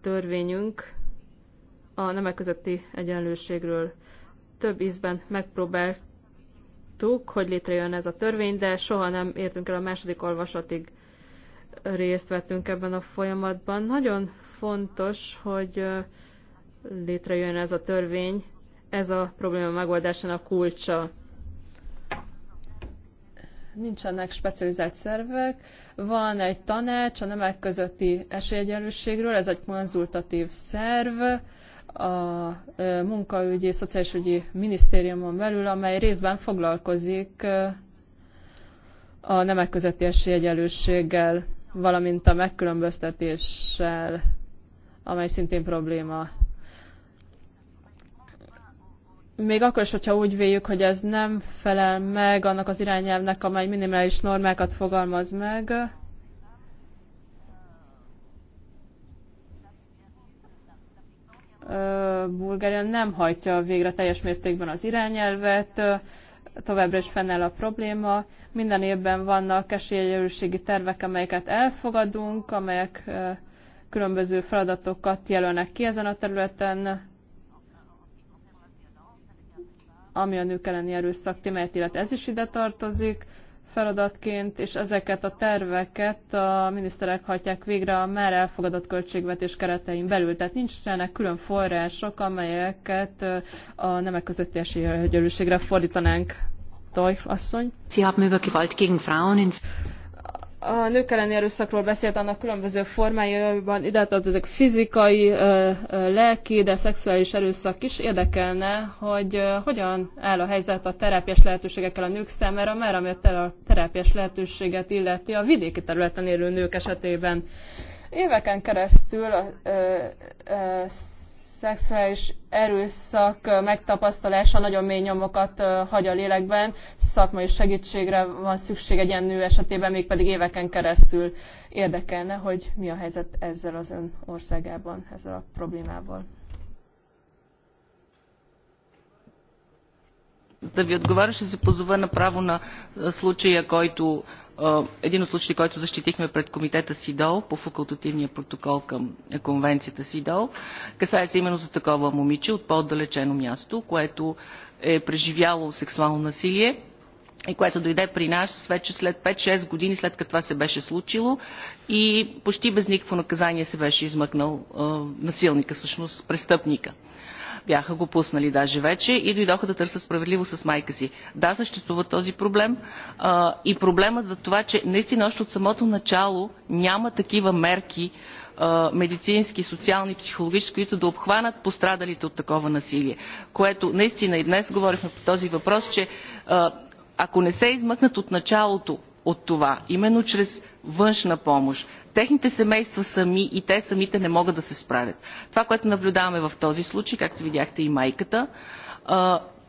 törvényünk a nemek közötti egyenlőségről. Több ízben megpróbált tudtuk, hogy létrejön ez a törvény, de soha nem értünk el a második olvasatig részt vettünk ebben a folyamatban. Nagyon fontos, hogy létrejön ez a törvény, ez a probléma megoldásának kulcsa. Nincsenek specializált szervek, van egy tanács a nemek közötti esélyegyenlőségről, ez egy konzultatív szerv, a munkaügyi, szociálisügyi minisztériumon belül, amely részben foglalkozik a nemek közötti esélyegyenlőséggel, valamint a megkülönböztetéssel, amely szintén probléma. Még akkor is, hogyha úgy véljük, hogy ez nem felel meg annak az irányelvnek, amely minimális normákat fogalmaz meg, Bulgária nem hajtja végre teljes mértékben az irányelvet, továbbra is fennáll a probléma. Minden évben vannak esélyegyenlőségi tervek, amelyeket elfogadunk, amelyek különböző feladatokat jelölnek ki ezen a területen, ami a nők elleni erőszak témáját, illetve ez is ide tartozik feladatként, és ezeket a terveket a miniszterek hajtják végre a már elfogadott költségvetés keretein belül. Tehát nincsenek külön források, amelyeket a nemek közötti esélyegyelőségre fordítanánk. Toj asszony. Sie haben über Gewalt gegen Frauen in a nők elleni erőszakról beszélt annak különböző formájában, ide ezek fizikai, lelki, de szexuális erőszak is érdekelne, hogy hogyan áll a helyzet a terápiás lehetőségekkel a nők számára, mert ami a terápiás lehetőséget illeti a vidéki területen élő nők esetében. Éveken keresztül a, a, a szexuális erőszak megtapasztalása nagyon mély nyomokat hagy a lélekben, szakmai segítségre van szükség egy ilyen nő esetében, mégpedig éveken keresztül érdekelne, hogy mi a helyzet ezzel az ön országában, ezzel a problémával. Да ви отговаряше се позова право на случая, който един от случаите, който защитихме пред комитета СИДОЛ по факултативния протокол към конвенцията СИДОЛ, касае се именно за такова момиче от по-отдалечено място, което е преживяло сексуално насилие и което дойде при нас вече след 5-6 години след като това се беше случило и почти без никакво наказание се беше измъкнал насилника, всъщност престъпника бяха го пуснали даже вече и дойдоха да търсят справедливост с майка си. Да, съществува този проблем а, и проблемът за това, че наистина още от самото начало няма такива мерки, а, медицински, социални, психологически, които да обхванат пострадалите от такова насилие. Което наистина и днес говорихме по този въпрос, че а, ако не се измъкнат от началото от това, именно чрез външна помощ, техните семейства сами и те самите не могат да се справят. Това, което наблюдаваме в този случай, както видяхте и майката,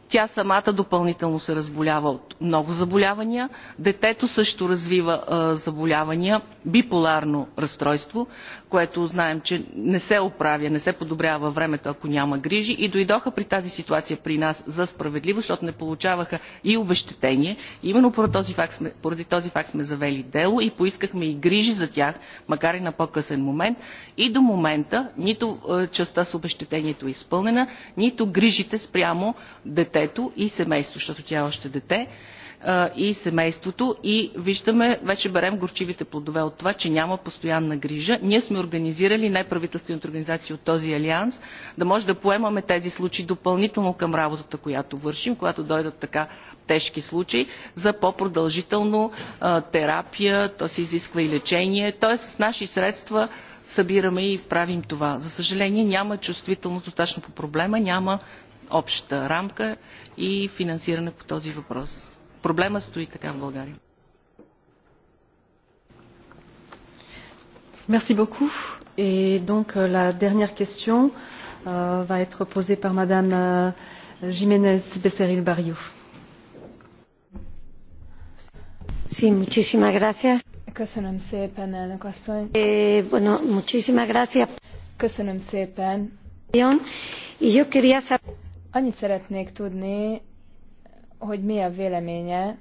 тя самата допълнително се разболява от много заболявания. Детето също развива заболявания, биполарно разстройство което знаем, че не се оправя, не се подобрява във времето, ако няма грижи и дойдоха при тази ситуация при нас за справедливост, защото не получаваха и обещетение. Именно поради този факт сме, завели дело и поискахме и грижи за тях, макар и на по-късен момент. И до момента нито частта с обещетението е изпълнена, нито грижите спрямо детето и семейството, защото тя е още дете и семейството и виждаме, вече берем горчивите плодове от това, че няма постоянна грижа. Ние сме организирали неправителствените организации от този алианс, да може да поемаме тези случаи допълнително към работата, която вършим, когато дойдат така тежки случаи, за по-продължително терапия, то се изисква и лечение. Тоест с наши средства събираме и правим това. За съжаление няма чувствителност достатъчно по проблема, няма обща рамка и финансиране по този въпрос. Проблема стои така в България. Merci beaucoup. Et donc euh, la dernière question euh, va être posée par Madame euh, Jiménez Becerril Barrio. Sí, muchísimas gracias. Köszönöm szépen, elnök asszony. Eh, bueno, muchísimas gracias. Köszönöm szépen. Y yo quería saber... Annyit szeretnék tudni, hogy mi a véleménye,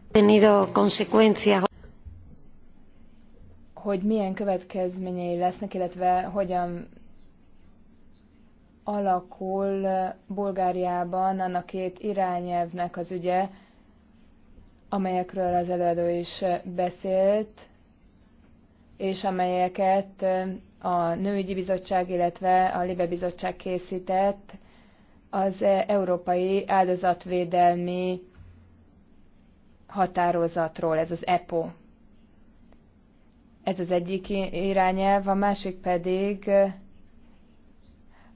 hogy milyen következményei lesznek, illetve hogyan alakul Bulgáriában annak két irányelvnek az ügye, amelyekről az előadó is beszélt, és amelyeket a Nőügyi Bizottság, illetve a Libe Bizottság készített az Európai Áldozatvédelmi határozatról, ez az EPO. Ez az egyik irányelv, a másik pedig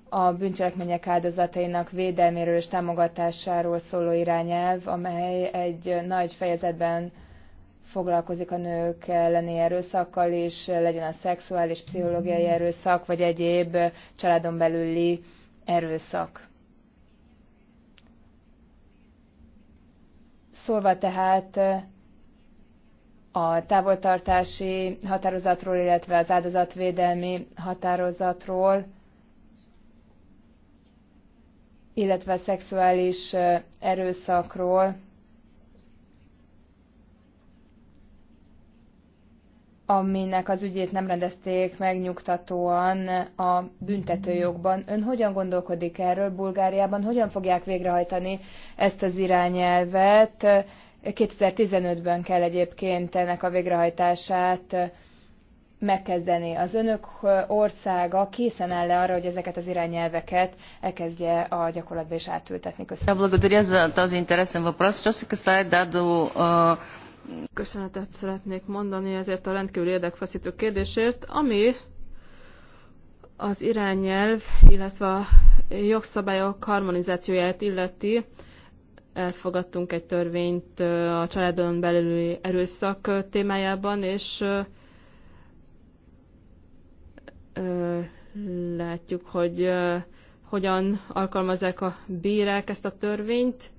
a bűncselekmények áldozatainak védelméről és támogatásáról szóló irányelv, amely egy nagy fejezetben foglalkozik a nők elleni erőszakkal is, legyen a szexuális, pszichológiai erőszak, vagy egyéb családon belüli erőszak. Szólva tehát a távoltartási határozatról, illetve az áldozatvédelmi határozatról, illetve a szexuális erőszakról, aminek az ügyét nem rendezték megnyugtatóan a büntetőjogban. Ön hogyan gondolkodik erről Bulgáriában? Hogyan fogják végrehajtani ezt az irányelvet? 2015-ben kell egyébként ennek a végrehajtását megkezdeni. Az önök országa készen áll le arra, hogy ezeket az irányelveket elkezdje a gyakorlatba is átültetni? Köszönöm. Köszönöm. Köszönetet szeretnék mondani ezért a rendkívül érdekfeszítő kérdésért, ami az irányelv, illetve a jogszabályok harmonizációját illeti. Elfogadtunk egy törvényt a családon belüli erőszak témájában, és látjuk, hogy hogyan alkalmazzák a bírák ezt a törvényt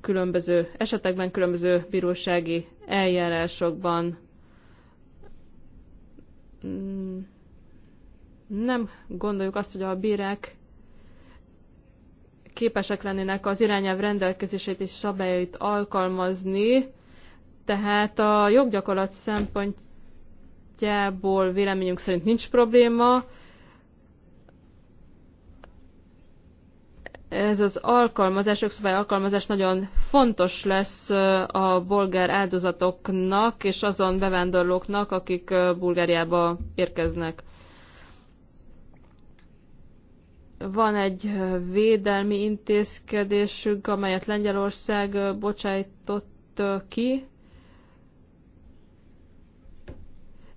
különböző esetekben, különböző bírósági eljárásokban mm, nem gondoljuk azt, hogy a bírák képesek lennének az irányelv rendelkezését és szabályait alkalmazni, tehát a joggyakorlat szempontjából véleményünk szerint nincs probléma, ez az alkalmazás, jogszabály alkalmazás nagyon fontos lesz a bolgár áldozatoknak és azon bevándorlóknak, akik Bulgáriába érkeznek. Van egy védelmi intézkedésünk, amelyet Lengyelország bocsájtott ki.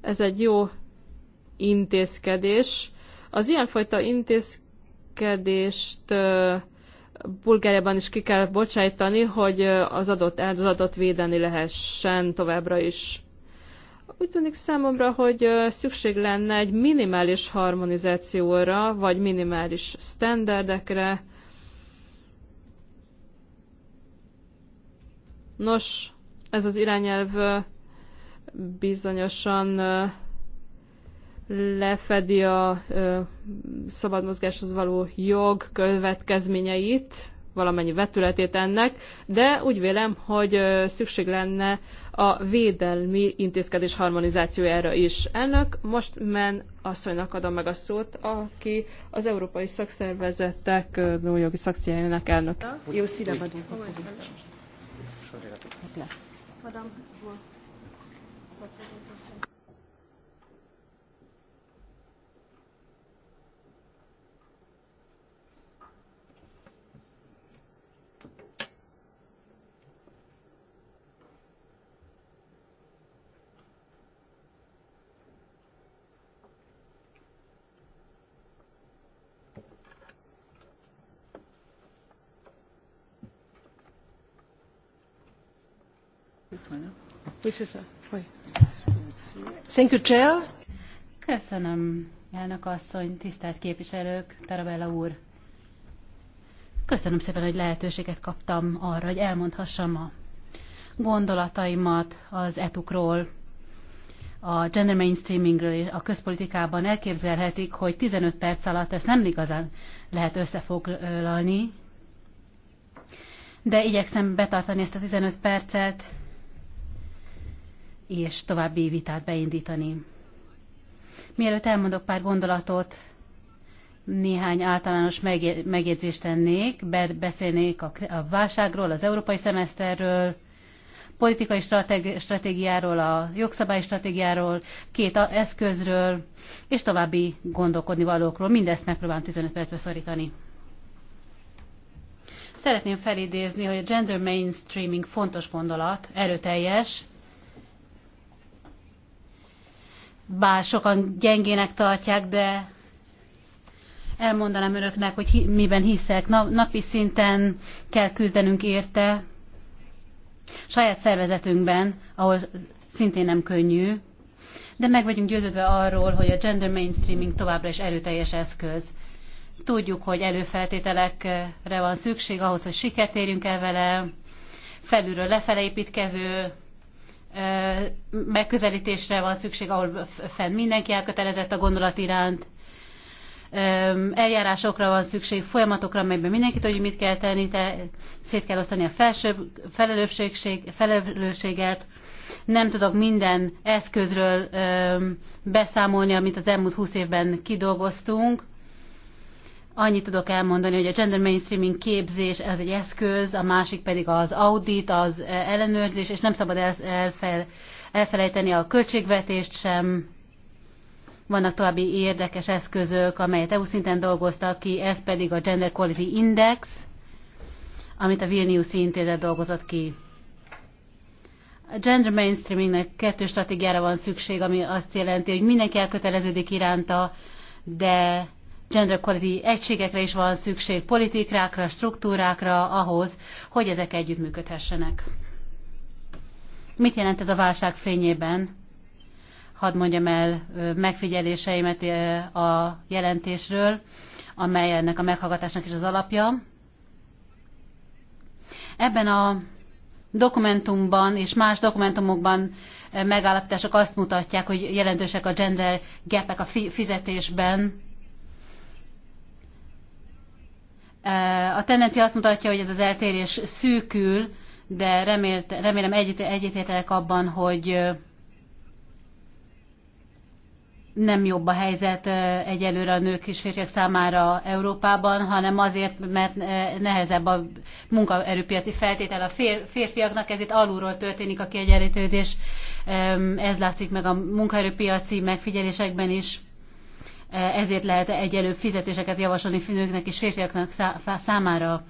Ez egy jó intézkedés. Az ilyenfajta intézkedés intézkedést Bulgáriában is ki kell bocsájtani, hogy az adott áldozatot védeni lehessen továbbra is. Úgy tűnik számomra, hogy szükség lenne egy minimális harmonizációra, vagy minimális standardekre. Nos, ez az irányelv bizonyosan lefedi a ö, szabad mozgáshoz való jog következményeit, valamennyi vetületét ennek, de úgy vélem, hogy ö, szükség lenne a védelmi intézkedés harmonizációjára is. Ennek most men asszonynak adom meg a szót, aki az Európai Szakszervezetek Nőjogi Szakciájának elnök. Jó szívem adunk. Hát- Madame. Köszönöm, elnök asszony, tisztelt képviselők, Tarabella úr. Köszönöm szépen, hogy lehetőséget kaptam arra, hogy elmondhassam a gondolataimat az etukról, a gender mainstreamingről a közpolitikában elképzelhetik, hogy 15 perc alatt ezt nem igazán lehet összefoglalni, de igyekszem betartani ezt a 15 percet, és további vitát beindítani. Mielőtt elmondok pár gondolatot, néhány általános megjegyzést tennék, beszélnék a, válságról, az európai szemeszterről, politikai stratégiáról, a jogszabály stratégiáról, két eszközről, és további gondolkodni valókról. Mindezt megpróbálom 15 percbe szorítani. Szeretném felidézni, hogy a gender mainstreaming fontos gondolat, erőteljes, bár sokan gyengének tartják, de elmondanám önöknek, hogy hi, miben hiszek. Na, napi szinten kell küzdenünk érte, saját szervezetünkben, ahol szintén nem könnyű, de meg vagyunk győződve arról, hogy a gender mainstreaming továbbra is erőteljes eszköz. Tudjuk, hogy előfeltételekre van szükség ahhoz, hogy sikert érjünk el vele, felülről lefele építkező megközelítésre van szükség, ahol fenn mindenki elkötelezett a gondolat iránt, eljárásokra van szükség, folyamatokra, amelyben mindenki tudja, hogy mit kell tenni, te szét kell osztani a felsőbb felelősség, felelősséget. Nem tudok minden eszközről beszámolni, amit az elmúlt húsz évben kidolgoztunk, Annyit tudok elmondani, hogy a gender mainstreaming képzés ez egy eszköz, a másik pedig az audit, az eh, ellenőrzés, és nem szabad elfel, elfelejteni a költségvetést sem. Vannak további érdekes eszközök, amelyet EU szinten dolgoztak ki, ez pedig a Gender Quality Index, amit a Vilnius Intézet dolgozott ki. A gender mainstreamingnek kettő stratégiára van szükség, ami azt jelenti, hogy mindenki elköteleződik iránta, de gender quality egységekre is van szükség, politikákra, struktúrákra ahhoz, hogy ezek együttműködhessenek. Mit jelent ez a válság fényében? Hadd mondjam el megfigyeléseimet a jelentésről, amely ennek a meghallgatásnak is az alapja. Ebben a dokumentumban és más dokumentumokban megállapítások azt mutatják, hogy jelentősek a gender gapek a fizetésben, Eh, a tendencia azt mutatja, hogy ez az eltérés szűkül, de remélt, remélem egyet, egyetértelek abban, hogy eh, nem jobb a helyzet eh, egyelőre a nők és férfiak számára Európában, hanem azért, mert nehezebb a munkaerőpiaci feltétel a férfiaknak, ezért alulról történik a kiegyenlítődés. Ez látszik meg a munkaerőpiaci megfigyelésekben is ezért lehet egyelőbb fizetéseket javasolni nőknek és férfiaknak számára.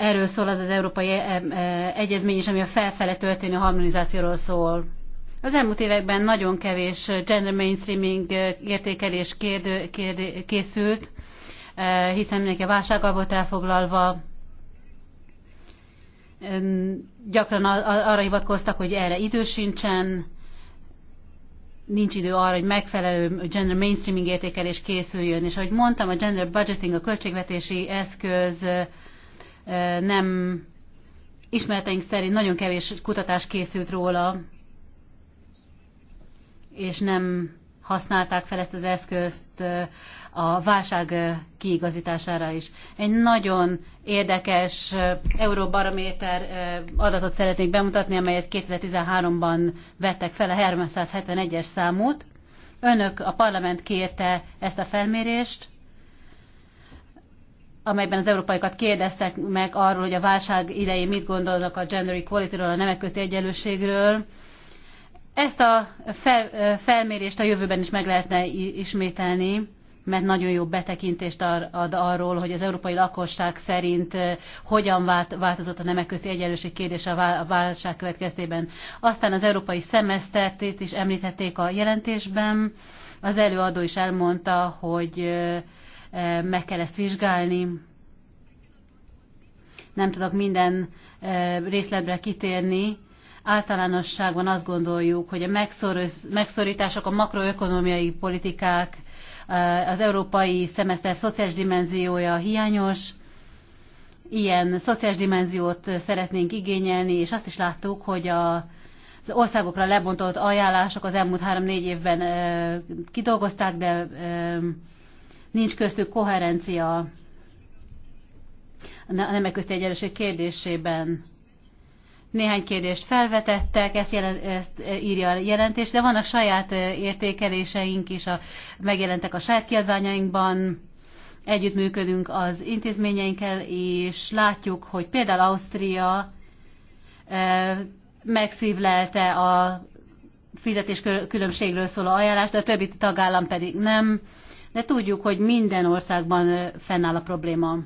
Erről szól az az Európai e, e, Egyezmény is, ami a felfele történő harmonizációról szól. Az elmúlt években nagyon kevés gender mainstreaming értékelés kérdő, kérdő, készült, hiszen mindenki a válsággal volt elfoglalva, gyakran arra hivatkoztak, hogy erre idő sincsen, nincs idő arra, hogy megfelelő gender mainstreaming értékelés készüljön. És ahogy mondtam, a gender budgeting, a költségvetési eszköz nem ismereteink szerint nagyon kevés kutatás készült róla, és nem használták fel ezt az eszközt a válság kiigazítására is. Egy nagyon érdekes euróbarométer adatot szeretnék bemutatni, amelyet 2013-ban vettek fel a 371-es számút. Önök, a parlament kérte ezt a felmérést, amelyben az európaikat kérdeztek meg arról, hogy a válság idején mit gondolnak a gender equality ról a nemek közti egyenlőségről, ezt a fel, felmérést a jövőben is meg lehetne ismételni, mert nagyon jó betekintést ad arról, hogy az európai lakosság szerint hogyan változott a nemek közti egyenlőség kérdése a válság következtében. Aztán az európai szemesztertét is említették a jelentésben. Az előadó is elmondta, hogy meg kell ezt vizsgálni. Nem tudok minden részletre kitérni, Általánosságban azt gondoljuk, hogy a megszorítások, a makroökonomiai politikák, eh, az európai szemeszter szociális dimenziója hiányos, ilyen szociális dimenziót szeretnénk igényelni, és azt is láttuk, hogy a, az országokra lebontott ajánlások az elmúlt három-négy évben ö, eh, kidolgozták, de ö, eh, nincs köztük koherencia a nemek közti egyenlőség kérdésében. Néhány kérdést felvetettek, ezt, jelen, ezt e, írja a jelentés, de vannak saját e, értékeléseink is, a, megjelentek a saját kiadványainkban, együttműködünk az intézményeinkkel, és látjuk, hogy például Ausztria e, megszívlelte a fizetés különbségről szóló ajánlást, de a többi tagállam pedig nem. De tudjuk, hogy minden országban fennáll a probléma.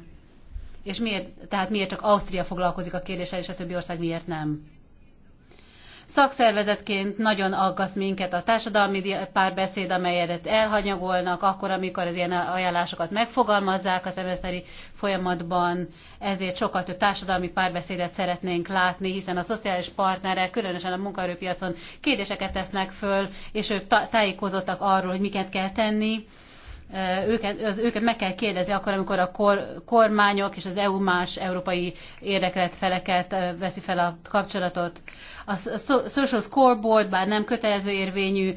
És miért, tehát miért csak Ausztria foglalkozik a kérdéssel, és a többi ország miért nem? Szakszervezetként nagyon aggaszt minket a társadalmi párbeszéd, amelyet elhanyagolnak akkor, amikor az ilyen ajánlásokat megfogalmazzák a szemeszteri folyamatban. Ezért sokkal több társadalmi párbeszédet szeretnénk látni, hiszen a szociális partnerek, különösen a munkaerőpiacon kérdéseket tesznek föl, és ők tájékozottak arról, hogy miket kell tenni őket, az, őket meg kell kérdezni akkor, amikor a kor, kormányok és az EU más európai érdekelt feleket veszi fel a kapcsolatot. A Social Scoreboard, bár nem kötelező érvényű,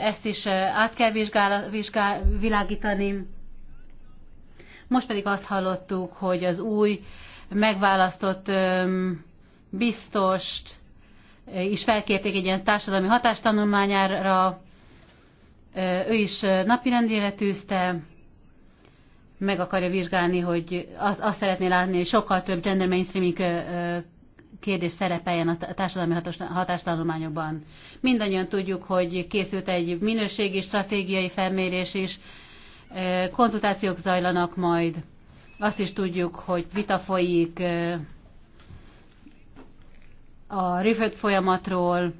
ezt is át kell vizsgál, vizsgál, világítani. Most pedig azt hallottuk, hogy az új megválasztott biztost is felkérték egy ilyen társadalmi hatástanulmányára, ő is napirendjére tűzte, meg akarja vizsgálni, hogy az, azt szeretné látni, hogy sokkal több gender mainstreaming kérdés szerepeljen a társadalmi hatástanulmányokban. Mindannyian tudjuk, hogy készült egy minőségi stratégiai felmérés is, konzultációk zajlanak majd, azt is tudjuk, hogy vita folyik a Rivet folyamatról,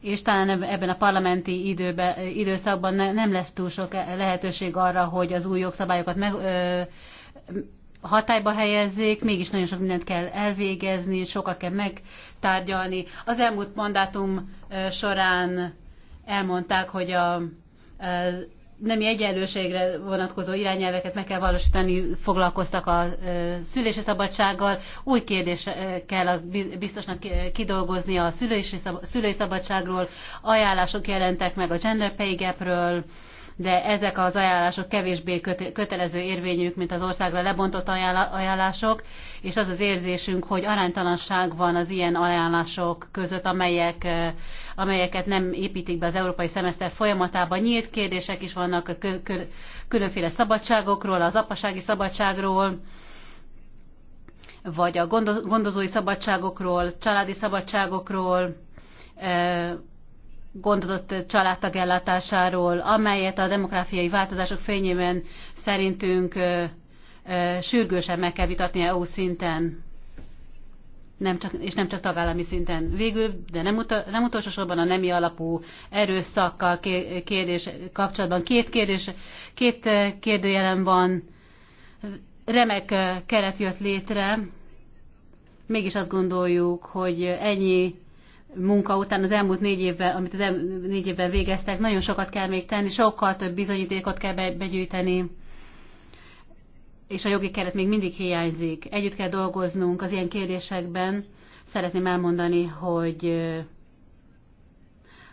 és talán ebben a parlamenti időben, időszakban ne, nem lesz túl sok e- lehetőség arra, hogy az új jogszabályokat meg, ö, hatályba helyezzék, mégis nagyon sok mindent kell elvégezni, sokat kell megtárgyalni. Az elmúlt mandátum során elmondták, hogy a, nemi egyenlőségre vonatkozó irányelveket meg kell valósítani, foglalkoztak a szülési szabadsággal. Új kérdés kell a biztosnak kidolgozni a szülési, szabadságról, ajánlások jelentek meg a gender pay gapről, de ezek az ajánlások kevésbé kötelező érvényűk, mint az országra lebontott ajánlások, és az az érzésünk, hogy aránytalanság van az ilyen ajánlások között, amelyek, amelyeket nem építik be az európai szemeszter folyamatában. Nyílt kérdések is vannak különféle szabadságokról, az apasági szabadságról, vagy a gondozói szabadságokról, családi szabadságokról, gondozott családtag ellátásáról, amelyet a demográfiai változások fényében szerintünk sürgősen meg kell vitatni EU szinten, nem csak, és nem csak tagállami szinten. Végül, de nem, utol, nem utolsó sorban a nemi alapú erőszakkal kérdés kapcsolatban két, kérdés, két kérdőjelem van. Remek keret jött létre, mégis azt gondoljuk, hogy ennyi munka után az elmúlt négy évben, amit az elmúlt négy évben végeztek, nagyon sokat kell még tenni, sokkal több bizonyítékot kell begyűjteni, és a jogi keret még mindig hiányzik. Együtt kell dolgoznunk az ilyen kérdésekben. Szeretném elmondani, hogy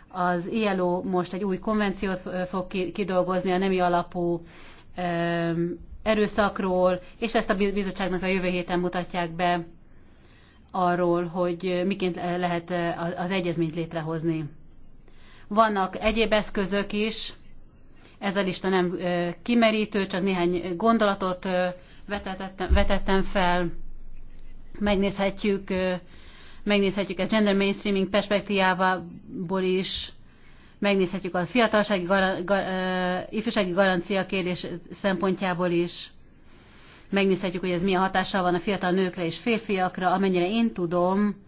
az ILO most egy új konvenciót fog kidolgozni a nemi alapú erőszakról, és ezt a bizottságnak a jövő héten mutatják be arról, hogy miként lehet az egyezményt létrehozni. Vannak egyéb eszközök is, ez a lista nem kimerítő, csak néhány gondolatot vetettem, fel. Megnézhetjük, megnézhetjük ezt gender mainstreaming perspektívából is, megnézhetjük a fiatalsági, ifjúsági garancia kérdés szempontjából is megnézhetjük, hogy ez milyen hatással van a fiatal nőkre és férfiakra. Amennyire én tudom,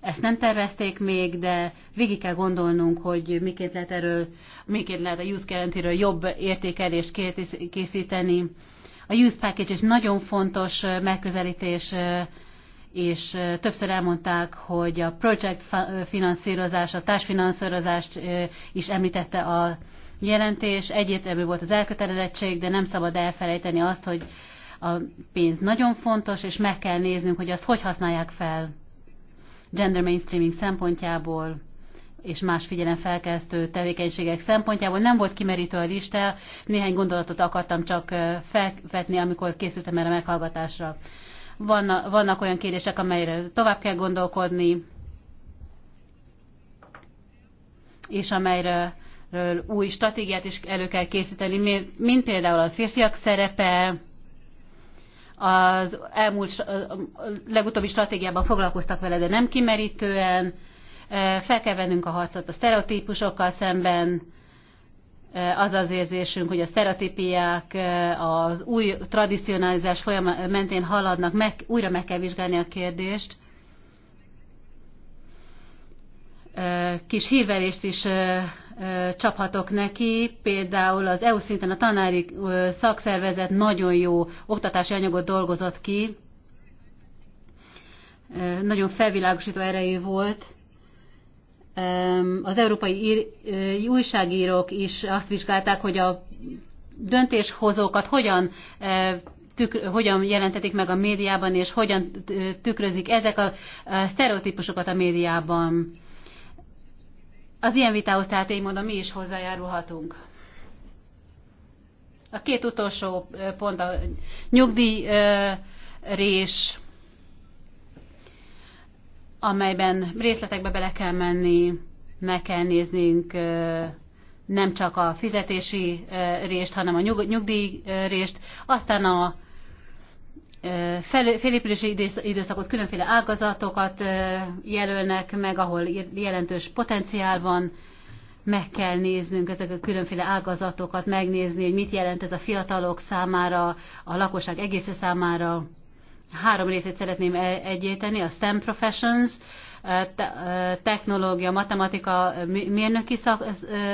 ezt nem tervezték még, de végig kell gondolnunk, hogy miként lehet erről, miként lehet a Youth guarantee jobb értékelést készíteni. A Youth Package is nagyon fontos megközelítés, és többször elmondták, hogy a project finanszírozás, a társfinanszírozást is említette a jelentés. Egyértelmű volt az elkötelezettség, de nem szabad elfelejteni azt, hogy a pénz nagyon fontos, és meg kell néznünk, hogy azt hogy használják fel gender mainstreaming szempontjából, és más figyelemfelkeltő tevékenységek szempontjából. Nem volt kimerítő a lista, néhány gondolatot akartam csak felvetni, amikor készültem erre a meghallgatásra. Vannak, vannak olyan kérdések, amelyre tovább kell gondolkodni, és amelyre új stratégiát is elő kell készíteni, mint például a férfiak szerepe, az elmúlt legutóbbi stratégiában foglalkoztak vele, de nem kimerítően. Fel kell vennünk a harcot a sztereotípusokkal szemben, az az érzésünk, hogy a sztereotípiák az új tradicionalizás folyamán mentén haladnak, meg, újra meg kell vizsgálni a kérdést. Kis hívelést is csaphatok neki, például az EU szinten a tanári szakszervezet nagyon jó oktatási anyagot dolgozott ki, nagyon felvilágosító erejű volt. Az európai újságírók is azt vizsgálták, hogy a döntéshozókat hogyan tükr, hogyan jelentetik meg a médiában, és hogyan tükrözik ezek a sztereotípusokat a médiában. Az ilyen vitához tehát én mondom, mi is hozzájárulhatunk. A két utolsó pont a rés, amelyben részletekbe bele kell menni, meg kell néznünk nem csak a fizetési részt, hanem a részt. aztán a felépülési időszakot különféle ágazatokat jelölnek meg, ahol jelentős potenciál van, meg kell néznünk ezek a különféle ágazatokat, megnézni, hogy mit jelent ez a fiatalok számára, a lakosság egésze számára. Három részét szeretném e-, egyéteni, a STEM professions, technológia, matematika, mérnöki szak,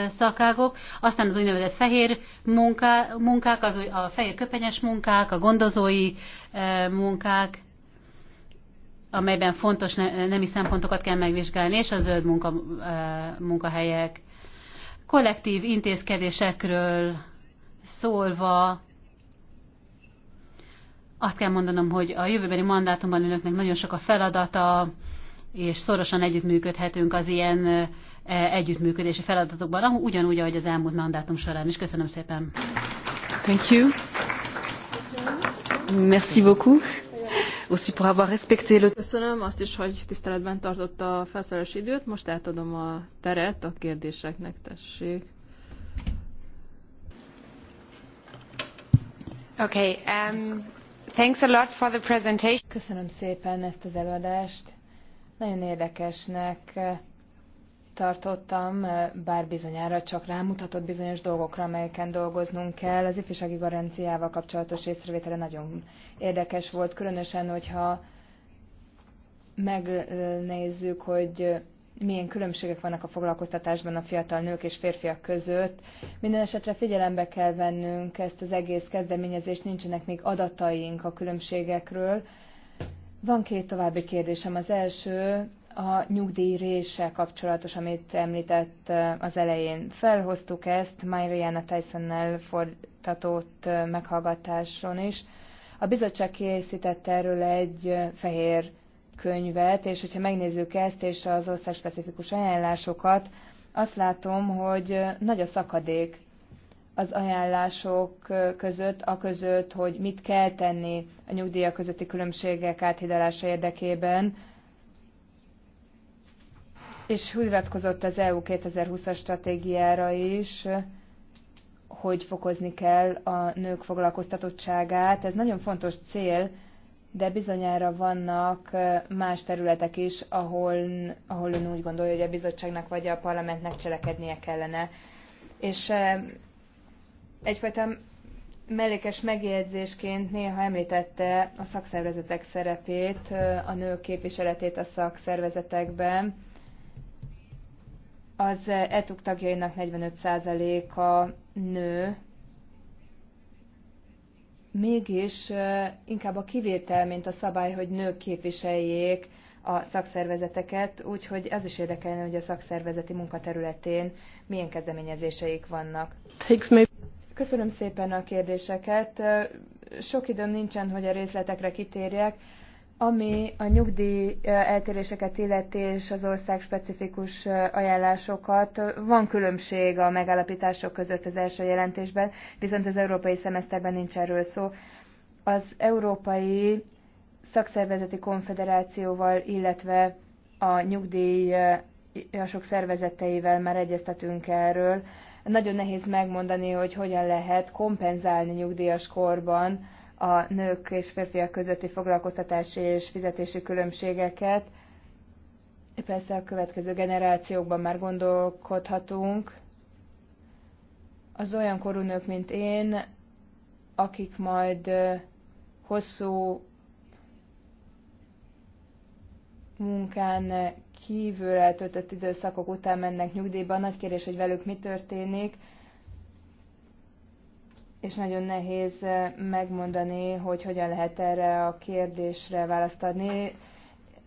szakágok, aztán az úgynevezett fehér munká, munkák, az, a fehér köpenyes munkák, a gondozói munkák, amelyben fontos nemi szempontokat kell megvizsgálni, és a zöld munka, munkahelyek. Kollektív intézkedésekről szólva azt kell mondanom, hogy a jövőbeni mandátumban önöknek nagyon sok a feladata, és szorosan együttműködhetünk az ilyen együttműködési feladatokban, ugyanúgy, ahogy az elmúlt mandátum során is. Köszönöm szépen! Thank you. Merci beaucoup. Aussi pour avoir respecté le... Köszönöm azt is, hogy tiszteletben tartott a felszerelés időt. Most átadom a teret a kérdéseknek, tessék. Okay, um, thanks a lot for the presentation. Köszönöm szépen ezt az előadást. Nagyon érdekesnek tartottam, eh, bár bizonyára csak rámutatott bizonyos dolgokra, amelyeken dolgoznunk kell. Az ifjúsági garanciával kapcsolatos észrevétele nagyon érdekes volt, különösen, hogyha megnézzük, hogy milyen különbségek vannak a foglalkoztatásban a fiatal nők és férfiak között. Minden esetre figyelembe kell vennünk ezt az egész kezdeményezést, nincsenek még adataink a különbségekről. Van két további kérdésem. Az első, a nyugdíjréssel kapcsolatos, amit említett az elején. Felhoztuk ezt Mariana Tyson-nel fordított meghallgatáson is. A bizottság készített erről egy fehér könyvet, és hogyha megnézzük ezt és az országspecifikus ajánlásokat, azt látom, hogy nagy a szakadék az ajánlások között, a között, hogy mit kell tenni a nyugdíjak közötti különbségek áthidalása érdekében, és hivatkozott az EU 2020-as stratégiára is, hogy fokozni kell a nők foglalkoztatottságát. Ez nagyon fontos cél, de bizonyára vannak más területek is, ahol, ahol ön úgy gondolja, hogy a bizottságnak vagy a parlamentnek cselekednie kellene. És egyfajta mellékes megjegyzésként néha említette a szakszervezetek szerepét, a nők képviseletét a szakszervezetekben, az ETUK tagjainak 45%-a nő, mégis inkább a kivétel, mint a szabály, hogy nők képviseljék a szakszervezeteket, úgyhogy az is érdekelne, hogy a szakszervezeti munkaterületén milyen kezdeményezéseik vannak. Köszönöm szépen a kérdéseket. Sok időm nincsen, hogy a részletekre kitérjek ami a nyugdíj eltéréseket illeti és az ország specifikus ajánlásokat, van különbség a megállapítások között az első jelentésben, viszont az európai szemeszterben nincs erről szó. Az Európai Szakszervezeti Konfederációval, illetve a nyugdíjasok szervezeteivel már egyeztetünk erről. Nagyon nehéz megmondani, hogy hogyan lehet kompenzálni nyugdíjas korban a nők és férfiak közötti foglalkoztatási és fizetési különbségeket. Persze a következő generációkban már gondolkodhatunk. Az olyan korú nők, mint én, akik majd hosszú munkán kívül eltöltött időszakok után mennek nyugdíjba, nagy kérdés, hogy velük mi történik, és nagyon nehéz eh, megmondani, hogy hogyan lehet erre a kérdésre választ adni.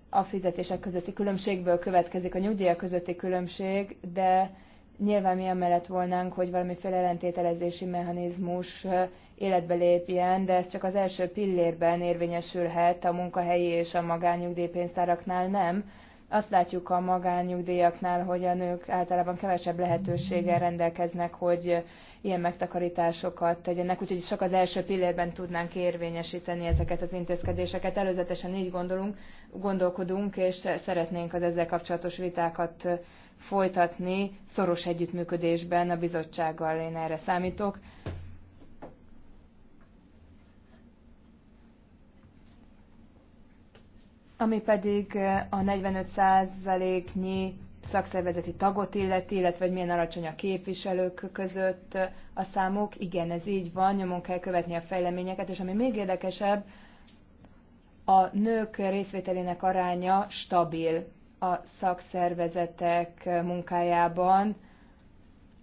A fizetések közötti különbségből következik a nyugdíjak közötti különbség, de nyilván mi amellett volnánk, hogy valamiféle ellentételezési mechanizmus eh, életbe lépjen, de ez csak az első pillérben érvényesülhet, a munkahelyi és a magányugdíjpénztáraknál nem. Azt látjuk a magányugdíjaknál, hogy a nők általában kevesebb lehetőséggel rendelkeznek, hogy ilyen megtakarításokat tegyenek, úgyhogy csak az első pillérben tudnánk érvényesíteni ezeket az intézkedéseket. Előzetesen így gondolunk, gondolkodunk, és szeretnénk az ezzel kapcsolatos vitákat folytatni szoros együttműködésben a bizottsággal, én erre számítok. Ami pedig a 45%-nyi szakszervezeti tagot illeti, illetve hogy milyen alacsony a képviselők között a számok. Igen, ez így van, nyomon kell követni a fejleményeket, és ami még érdekesebb, a nők részvételének aránya stabil a szakszervezetek munkájában,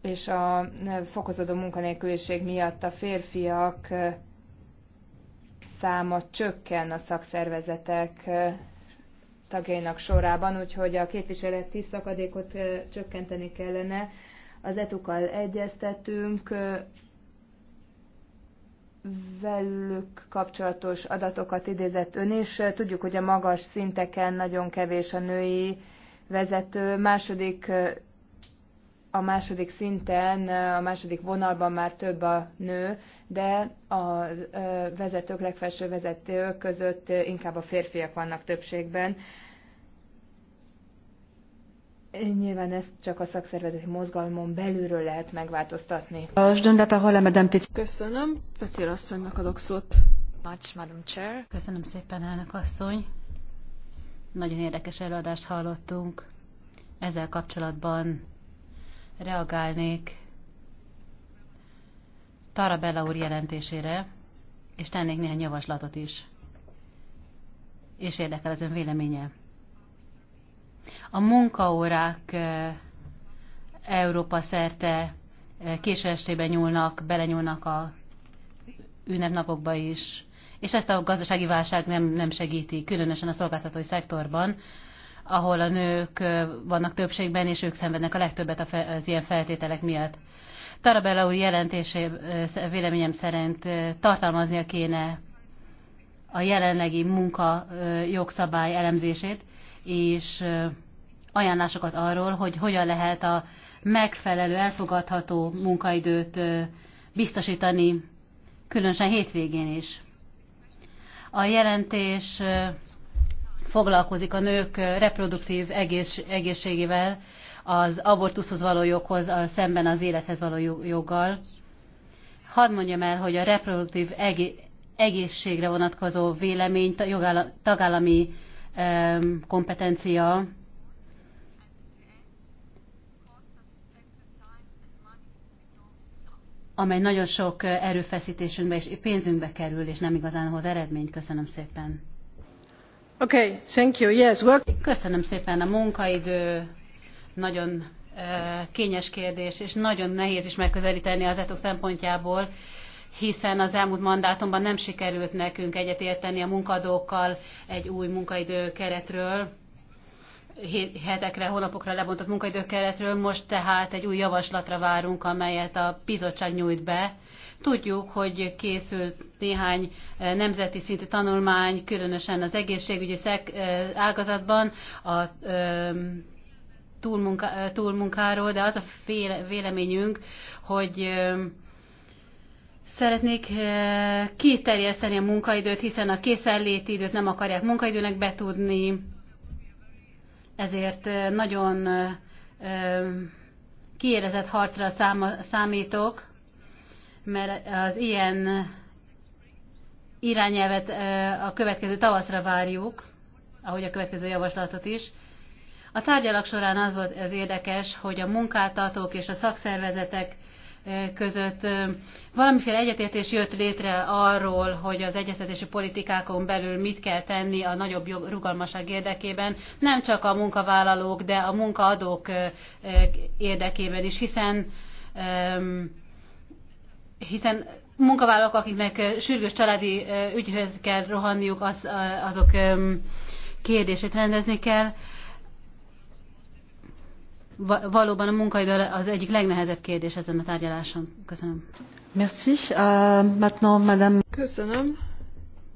és a fokozódó munkanélküliség miatt a férfiak száma csökken a szakszervezetek tagjainak sorában, úgyhogy a képviseleti szakadékot csökkenteni kellene. Az etukkal egyeztetünk, velük kapcsolatos adatokat idézett ön is. Tudjuk, hogy a magas szinteken nagyon kevés a női vezető. Második a második szinten, a második vonalban már több a nő, de a vezetők, legfelső vezetők között inkább a férfiak vannak többségben. Nyilván ezt csak a szakszervezeti mozgalmon belülről lehet megváltoztatni. Köszönöm. Petir asszonynak adok szót. Much, Madam Chair. Köszönöm szépen, elnök asszony. Nagyon érdekes előadást hallottunk. Ezzel kapcsolatban reagálnék Tarabella úr jelentésére, és tennék néhány javaslatot is. És érdekel az ön véleménye. A munkaórák Európa szerte késő estében nyúlnak, belenyúlnak a ünnepnapokba is, és ezt a gazdasági válság nem, nem segíti, különösen a szolgáltatói szektorban, ahol a nők vannak többségben, és ők szenvednek a legtöbbet az ilyen feltételek miatt. Tarabella úr jelentése véleményem szerint tartalmaznia kéne a jelenlegi munka jogszabály elemzését, és ajánlásokat arról, hogy hogyan lehet a megfelelő, elfogadható munkaidőt biztosítani, különösen hétvégén is. A jelentés foglalkozik a nők reproduktív egész, egészségével, az abortuszhoz való joghoz, a, szemben az élethez való joggal. Hadd mondjam el, hogy a reproduktív egészségre vonatkozó vélemény tagállami kompetencia, amely nagyon sok erőfeszítésünkbe és pénzünkbe kerül, és nem igazán hoz eredményt. Köszönöm szépen. Köszönöm szépen a munkaidő, nagyon eh, kényes kérdés, és nagyon nehéz is megközelíteni az etok szempontjából, hiszen az elmúlt mandátumban nem sikerült nekünk egyetérteni a munkadókkal egy új munkaidő keretről, hetekre, hónapokra lebontott munkaidőkeretről, most tehát egy új javaslatra várunk, amelyet a bizottság nyújt be Tudjuk, hogy készült néhány eh, nemzeti szintű tanulmány, különösen az egészségügyi szek, eh, ágazatban a túlmunká, eh, túlmunkáról, de az a véleményünk, hogy Szeretnék kiterjeszteni a munkaidőt, hiszen a készenléti időt nem akarják munkaidőnek betudni, ezért nagyon kiérezett harcra számítok, mert az ilyen irányelvet a következő tavaszra várjuk, ahogy a következő javaslatot is. A tárgyalak során az volt az érdekes, hogy a munkáltatók és a szakszervezetek között valamiféle egyetértés jött létre arról, hogy az egyeztetési politikákon belül mit kell tenni a nagyobb rugalmaság érdekében, nem csak a munkavállalók, de a munkaadók érdekében is, hiszen hiszen munkavállalók, akiknek sürgős családi ügyhöz kell rohanniuk, az, azok kérdését rendezni kell. Valóban a munkaidő az egyik legnehezebb kérdés ezen a tárgyaláson. Köszönöm. Merci. Uh, maintenant, madame. Köszönöm.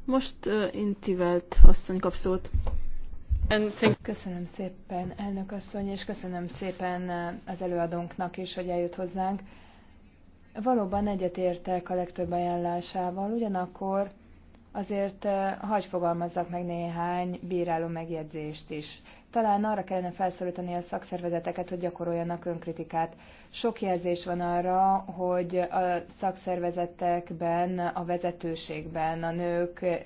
Most uh, Intivelt asszony kap szót. Köszönöm szépen, elnök asszony, és köszönöm szépen az előadónknak is, hogy eljött hozzánk. Uh, Valóban egyetértek a legtöbb ajánlásával, ugyanakkor azért eh, hagy fogalmazzak meg néhány bíráló megjegyzést is. Talán arra kellene felszólítani a szakszervezeteket, hogy gyakoroljanak önkritikát. Sok jelzés van arra, hogy a szakszervezetekben, a vezetőségben a nők eh,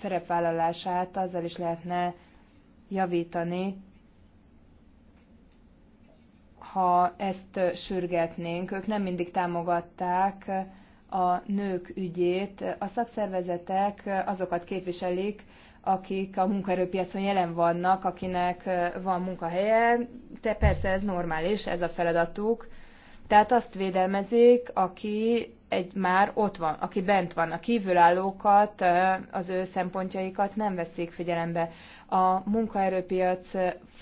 szerepvállalását azzal is lehetne javítani, ha ezt sürgetnénk. Ők nem mindig támogatták a nők ügyét. A szakszervezetek azokat képviselik, akik a munkaerőpiacon jelen vannak, akinek van munkahelye, de persze ez normális, ez a feladatuk. Tehát azt védelmezik, aki egy már ott van, aki bent van, a kívülállókat, az ő szempontjaikat nem veszik figyelembe. A munkaerőpiac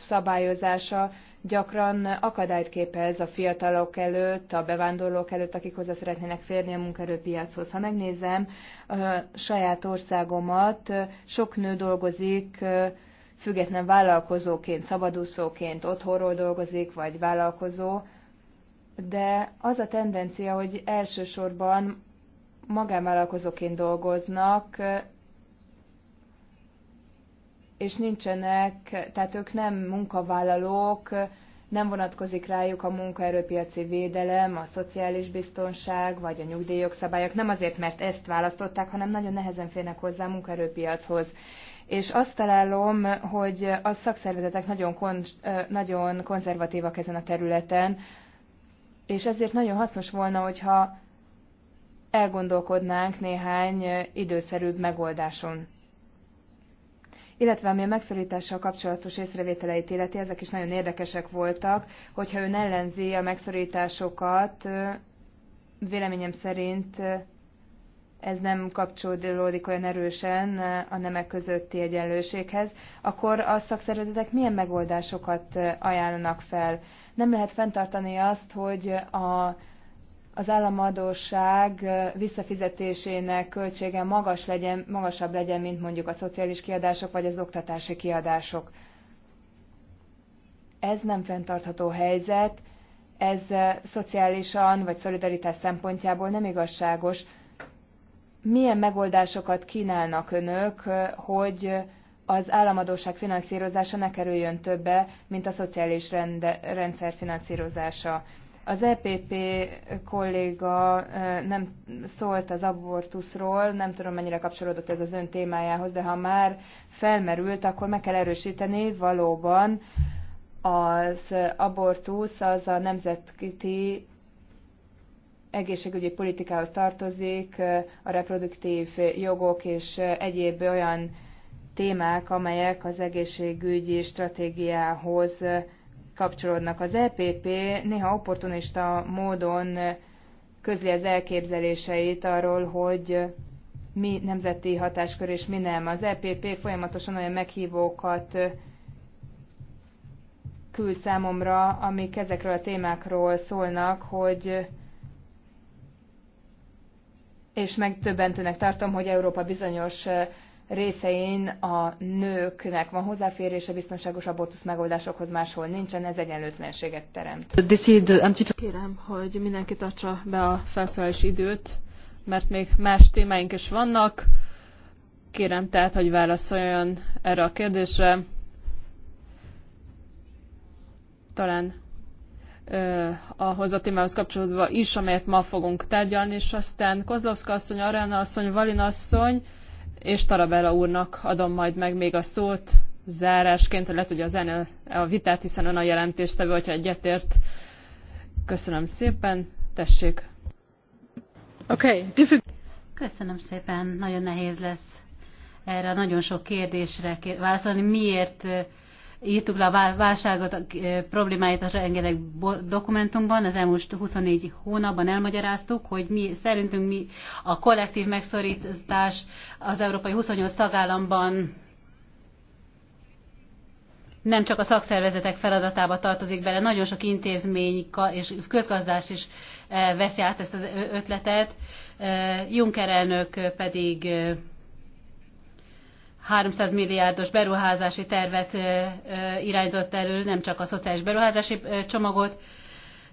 szabályozása gyakran akadályt képez a fiatalok előtt, a bevándorlók előtt, akik hozzá szeretnének férni a munkaerőpiachoz. Ha megnézem a saját országomat, sok nő dolgozik független vállalkozóként, szabadúszóként, otthonról dolgozik, vagy vállalkozó, de az a tendencia, hogy elsősorban magánvállalkozóként dolgoznak, és nincsenek, tehát ők nem munkavállalók, nem vonatkozik rájuk a munkaerőpiaci védelem, a szociális biztonság vagy a nyugdíjok szabályok, nem azért, mert ezt választották, hanem nagyon nehezen férnek hozzá a munkaerőpiachoz. És azt találom, hogy a szakszervezetek nagyon, kon- nagyon konzervatívak ezen a területen, és ezért nagyon hasznos volna, hogyha elgondolkodnánk néhány időszerűbb megoldáson illetve ami a megszorítással kapcsolatos észrevételeit illeti, ezek is nagyon érdekesek voltak, hogyha ön ellenzi a megszorításokat, véleményem szerint ez nem kapcsolódik olyan erősen a nemek közötti egyenlőséghez, akkor a szakszervezetek milyen megoldásokat ajánlanak fel? Nem lehet fenntartani azt, hogy a az államadóság visszafizetésének költsége magas legyen, magasabb legyen, mint mondjuk a szociális kiadások vagy az oktatási kiadások. Ez nem fenntartható helyzet, ez szociálisan vagy szolidaritás szempontjából nem igazságos. Milyen megoldásokat kínálnak önök, hogy az államadóság finanszírozása ne kerüljön többe, mint a szociális rende, rendszer finanszírozása? Az EPP kolléga nem szólt az abortuszról, nem tudom mennyire kapcsolódott ez az ön témájához, de ha már felmerült, akkor meg kell erősíteni valóban az abortusz az a nemzetközi egészségügyi politikához tartozik, a reproduktív jogok és egyéb olyan témák, amelyek az egészségügyi stratégiához kapcsolódnak. Az EPP néha opportunista módon közli az elképzeléseit arról, hogy mi nemzeti hatáskör és mi nem. Az EPP folyamatosan olyan meghívókat küld számomra, amik ezekről a témákról szólnak, hogy és meg többentőnek tartom, hogy Európa bizonyos részein a nőknek van hozzáférése biztonságos abortusz megoldásokhoz, máshol nincsen, ez egyenlőtlenséget teremt. Kérem, hogy mindenki tartsa be a felszólalási időt, mert még más témáink is vannak. Kérem tehát, hogy válaszoljon erre a kérdésre. Talán ahhoz a témához kapcsolódva is, amelyet ma fogunk tárgyalni, és aztán Kozlovszka asszony, Arana asszony, Valina asszony, és Tarabella úrnak adom majd meg még a szót zárásként, lehet, hogy az a vitát, hiszen ön a jelentéstevő, hogyha egyetért. Köszönöm szépen, tessék. Okay. Köszönöm szépen, nagyon nehéz lesz erre a nagyon sok kérdésre válaszolni. Miért írtuk le a válságot, a eh, problémáit az rengeteg dokumentumban, az elmúlt 24 hónapban elmagyaráztuk, hogy mi szerintünk mi a kollektív megszorítás az európai 28 tagállamban nem csak a szakszervezetek feladatába tartozik bele, nagyon sok intézmény és közgazdás is eh, veszi át ezt az ötletet. Eh, Juncker elnök pedig 300 milliárdos beruházási tervet irányzott elő, nem csak a szociális beruházási csomagot,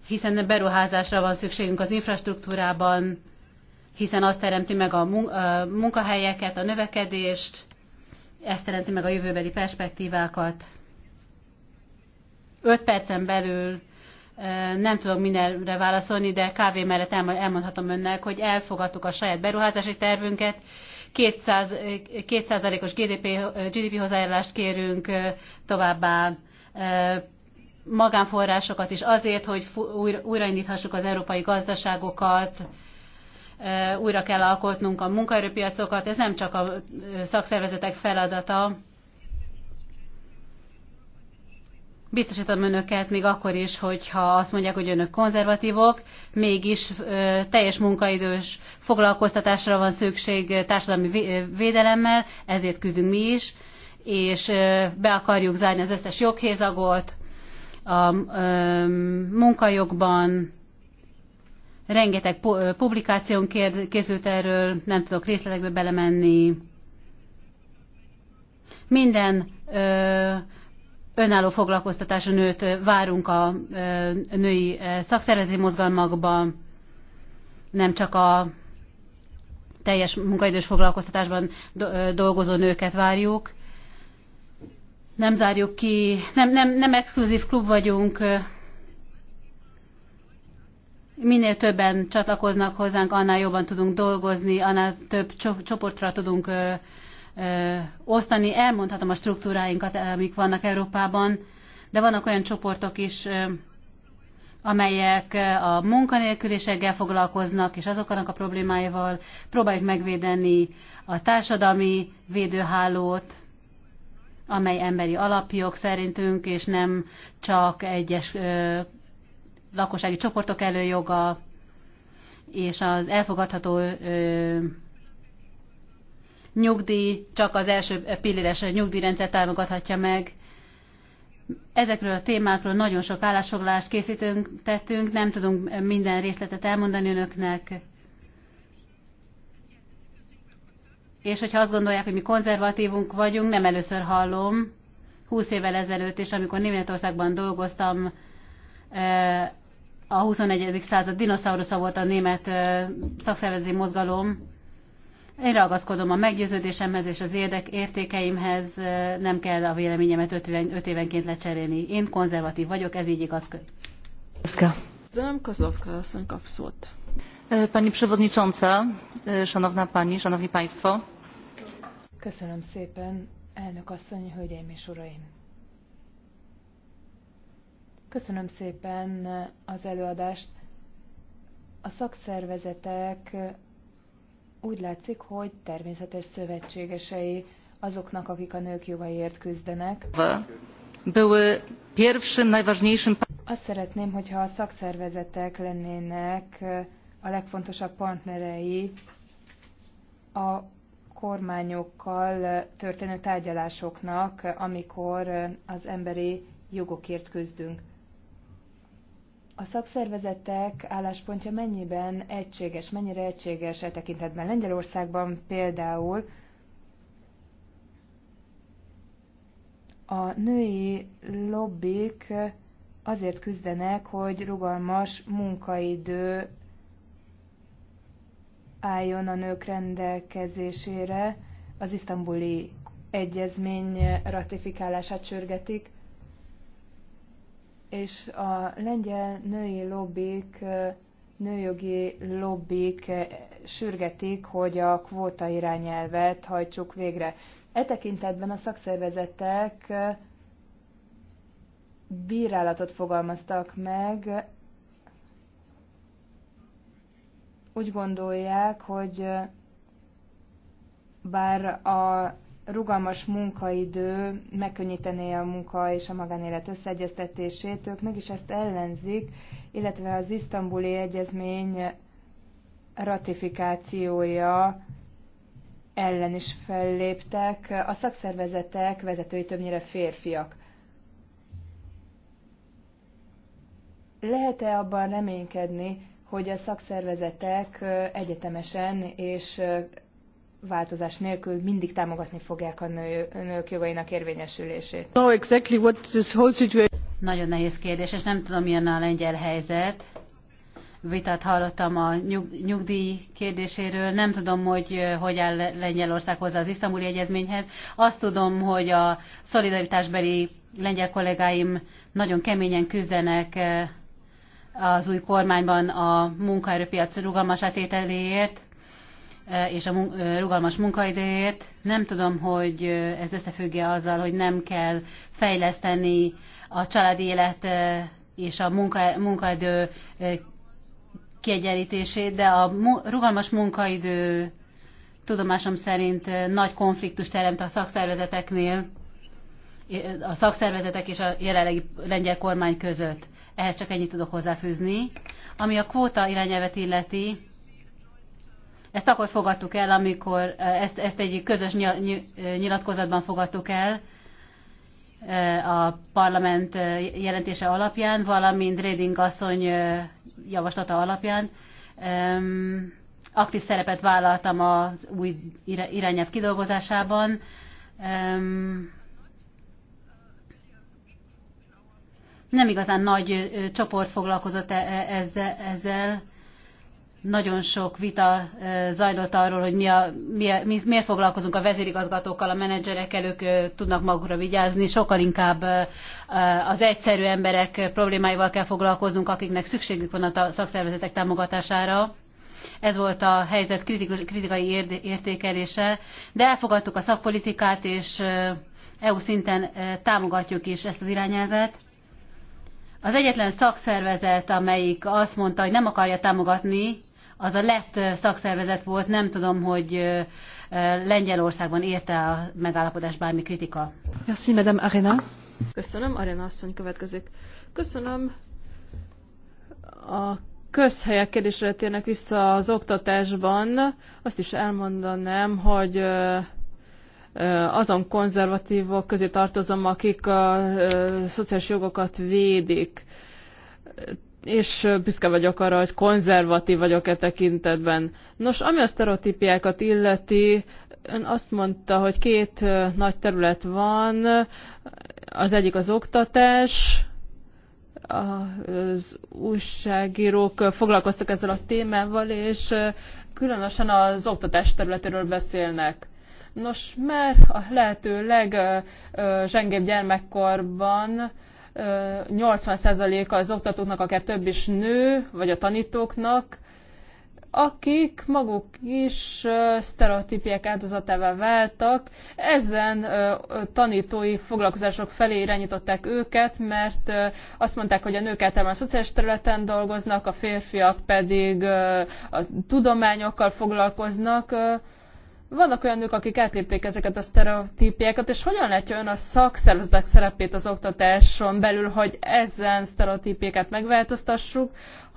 hiszen a beruházásra van szükségünk az infrastruktúrában, hiszen az teremti meg a munkahelyeket, a növekedést, ez teremti meg a jövőbeli perspektívákat. Öt percen belül nem tudok mindenre válaszolni, de kávé mellett elmondhatom önnek, hogy elfogadtuk a saját beruházási tervünket, kétszázalékos os GDP, GDP hozzájárulást kérünk továbbá magánforrásokat is azért, hogy újraindíthassuk az európai gazdaságokat, újra kell alkotnunk a munkaerőpiacokat. Ez nem csak a szakszervezetek feladata, biztosítom önöket még akkor is, hogyha azt mondják, hogy önök konzervatívok, mégis teljes munkaidős foglalkoztatásra van szükség társadalmi védelemmel, ezért küzdünk mi is, és be akarjuk zárni az összes joghézagot, a munkajogban rengeteg publikáción készült erről, nem tudok részletekbe belemenni. Minden önálló foglalkoztatású nőt várunk a női szakszervezeti mozgalmakban, nem csak a teljes munkaidős foglalkoztatásban dolgozó nőket várjuk. Nem zárjuk ki, nem, nem, nem exkluzív klub vagyunk, minél többen csatlakoznak hozzánk, annál jobban tudunk dolgozni, annál több csoportra tudunk osztani. Elmondhatom a struktúráinkat, eh, amik vannak Európában, de vannak olyan csoportok is, amelyek a munkanélküliséggel foglalkoznak, és azoknak a problémáival próbáljuk megvédeni a társadalmi védőhálót, amely emberi alapjog szerintünk, és nem csak egyes ö, lakossági csoportok előjoga, és az elfogadható ö, nyugdíj csak az első pilléres nyugdíjrendszer támogathatja meg. Ezekről a témákról nagyon sok állásfoglalást készítünk, tettünk, nem tudunk minden részletet elmondani önöknek. És hogyha azt gondolják, hogy mi konzervatívunk vagyunk, nem először hallom. 20 évvel ezelőtt és amikor Németországban dolgoztam, eh, a 21. század dinoszaurusza volt a német eh, szakszervezeti mozgalom, én ragaszkodom a meggyőződésemhez és az érdek értékeimhez, nem kell a véleményemet öt évenként lecserélni. Én konzervatív vagyok, ez így igaz. Köszönöm, Kozlovka, asszony kap szót. E, pani Przewodnicząca, e, Szanowna Pani, Szanowni Państwo. Köszönöm szépen, elnök asszony, hölgyeim és uraim. Köszönöm szépen az előadást. A szakszervezetek úgy látszik, hogy természetes szövetségesei azoknak, akik a nők jogaiért küzdenek. Azt szeretném, hogyha a szakszervezetek lennének a legfontosabb partnerei a kormányokkal történő tárgyalásoknak, amikor az emberi jogokért küzdünk a szakszervezetek álláspontja mennyiben egységes, mennyire egységes e tekintetben? Lengyelországban például a női lobbik azért küzdenek, hogy rugalmas munkaidő álljon a nők rendelkezésére, az isztambuli egyezmény ratifikálását sürgetik és a lengyel női lobbik, nőjogi lobbik sürgetik, hogy a kvóta irányelvet hajtsuk végre. E tekintetben a szakszervezetek bírálatot fogalmaztak meg, úgy gondolják, hogy bár a rugalmas munkaidő megkönnyítené a munka és a magánélet összeegyeztetését, ők mégis ezt ellenzik, illetve az isztambuli egyezmény ratifikációja ellen is felléptek. A szakszervezetek vezetői többnyire férfiak. Lehet-e abban reménykedni, hogy a szakszervezetek egyetemesen és változás nélkül mindig támogatni fogják a nők jogainak érvényesülését. No, exactly what this whole situation... Nagyon nehéz kérdés, és nem tudom, milyen a lengyel helyzet. Vitát hallottam a nyug, nyugdíj kérdéséről. Nem tudom, hogy hogy áll Lengyelország hozzá az isztambuli egyezményhez. Azt tudom, hogy a szolidaritásbeli lengyel kollégáim nagyon keményen küzdenek az új kormányban a munkaerőpiac rugalmas átételéért Eh, és a eh, rugalmas munkaidőért. Nem tudom, hogy eh, ez összefügg-e azzal, hogy nem kell fejleszteni a családi élet és a munka, munkaidő kiegyenlítését, de a rugalmas munkaidő tudomásom szerint nagy konfliktus teremt a szakszervezeteknél, a szakszervezetek és a jelenlegi lengyel kormány között. Ehhez csak ennyit tudok hozzáfűzni. Ami a kvóta irányelvet illeti, ezt akkor fogadtuk el, amikor e, ezt, ezt egy közös e, nyilatkozatban fogadtuk el e, a parlament jelentése alapján, valamint Reding asszony javaslata alapján. Aktív szerepet vállaltam az új irányelv kidolgozásában. Nem igazán nagy csoport foglalkozott ezzel, ezzel nagyon sok vita zajlott arról, hogy mi a, mi a, mi, miért foglalkozunk a vezérigazgatókkal, a menedzserekkel, ők tudnak magukra vigyázni, sokkal inkább az egyszerű emberek problémáival kell foglalkoznunk, akiknek szükségük van a szakszervezetek támogatására. Ez volt a helyzet kritikai értékelése, de elfogadtuk a szakpolitikát, és EU szinten támogatjuk is ezt az irányelvet. Az egyetlen szakszervezet, amelyik azt mondta, hogy nem akarja támogatni, az a lett szakszervezet volt, nem tudom, hogy Lengyelországban érte a megállapodás bármi kritika. Merci, Madame Arena. Köszönöm, Arena asszony következik. Köszönöm. A közhelyek kérdésre térnek vissza az oktatásban. Azt is elmondanám, hogy azon konzervatívok közé tartozom, akik a szociális jogokat védik és büszke vagyok arra, hogy konzervatív vagyok e tekintetben. Nos, ami a sztereotípiákat illeti, ön azt mondta, hogy két nagy terület van, az egyik az oktatás, az újságírók foglalkoztak ezzel a témával, és különösen az oktatás területéről beszélnek. Nos, mert a lehető legzsengébb gyermekkorban 80%-a az oktatóknak akár több is nő, vagy a tanítóknak, akik maguk is sztereotípiek áldozatává váltak. Ezen tanítói foglalkozások felé irányították őket, mert azt mondták, hogy a nők általában a szociális területen dolgoznak, a férfiak pedig a tudományokkal foglalkoznak. Vannak olyan nők, akik átlépték ezeket a sztereotípiákat, és hogyan látja ön a szakszervezetek szerepét az oktatáson belül, hogy ezen sztereotípiákat megváltoztassuk,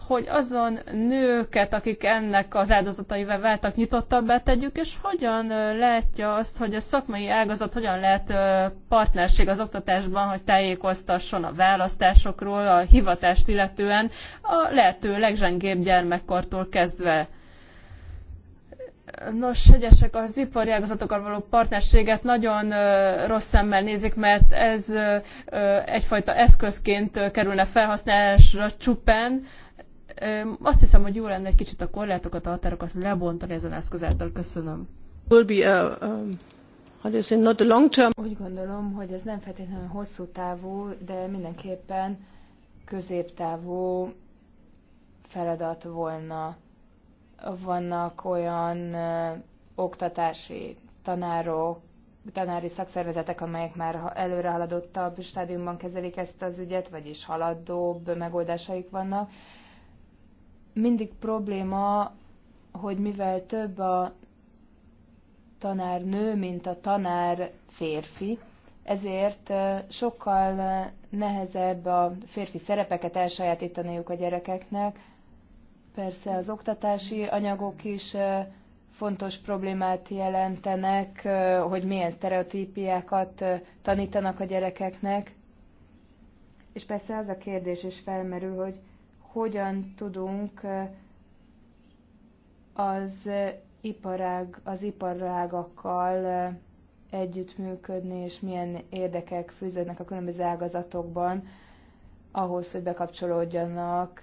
hogy azon nőket, akik ennek az áldozataival váltak, nyitottabbá tegyük, és hogyan látja azt, hogy a szakmai ágazat hogyan lehet partnerség az oktatásban, hogy tájékoztasson a választásokról, a hivatást illetően a lehető leggyengébb gyermekkortól kezdve. Nos, egyesek az ipari ágazatokkal való partnerséget nagyon rossz szemmel nézik, mert ez egyfajta eszközként kerülne felhasználásra csupán. Azt hiszem, hogy jó lenne egy kicsit a korlátokat, a határokat lebontani ezen eszköz által. Köszönöm. Will be uh, um, a, long term. Úgy gondolom, hogy ez nem feltétlenül hosszú távú, de mindenképpen középtávú feladat volna vannak olyan oktatási tanárok, tanári szakszervezetek, amelyek már előre haladottabb stádiumban kezelik ezt az ügyet, vagyis haladóbb megoldásaik vannak. Mindig probléma, hogy mivel több a tanár nő, mint a tanár férfi, ezért sokkal nehezebb a férfi szerepeket elsajátítaniuk a gyerekeknek, Persze az oktatási anyagok is fontos problémát jelentenek, hogy milyen sztereotípiákat tanítanak a gyerekeknek. És persze az a kérdés is felmerül, hogy hogyan tudunk az iparág, az iparágakkal együttműködni, és milyen érdekek fűződnek a különböző ágazatokban ahhoz, hogy bekapcsolódjanak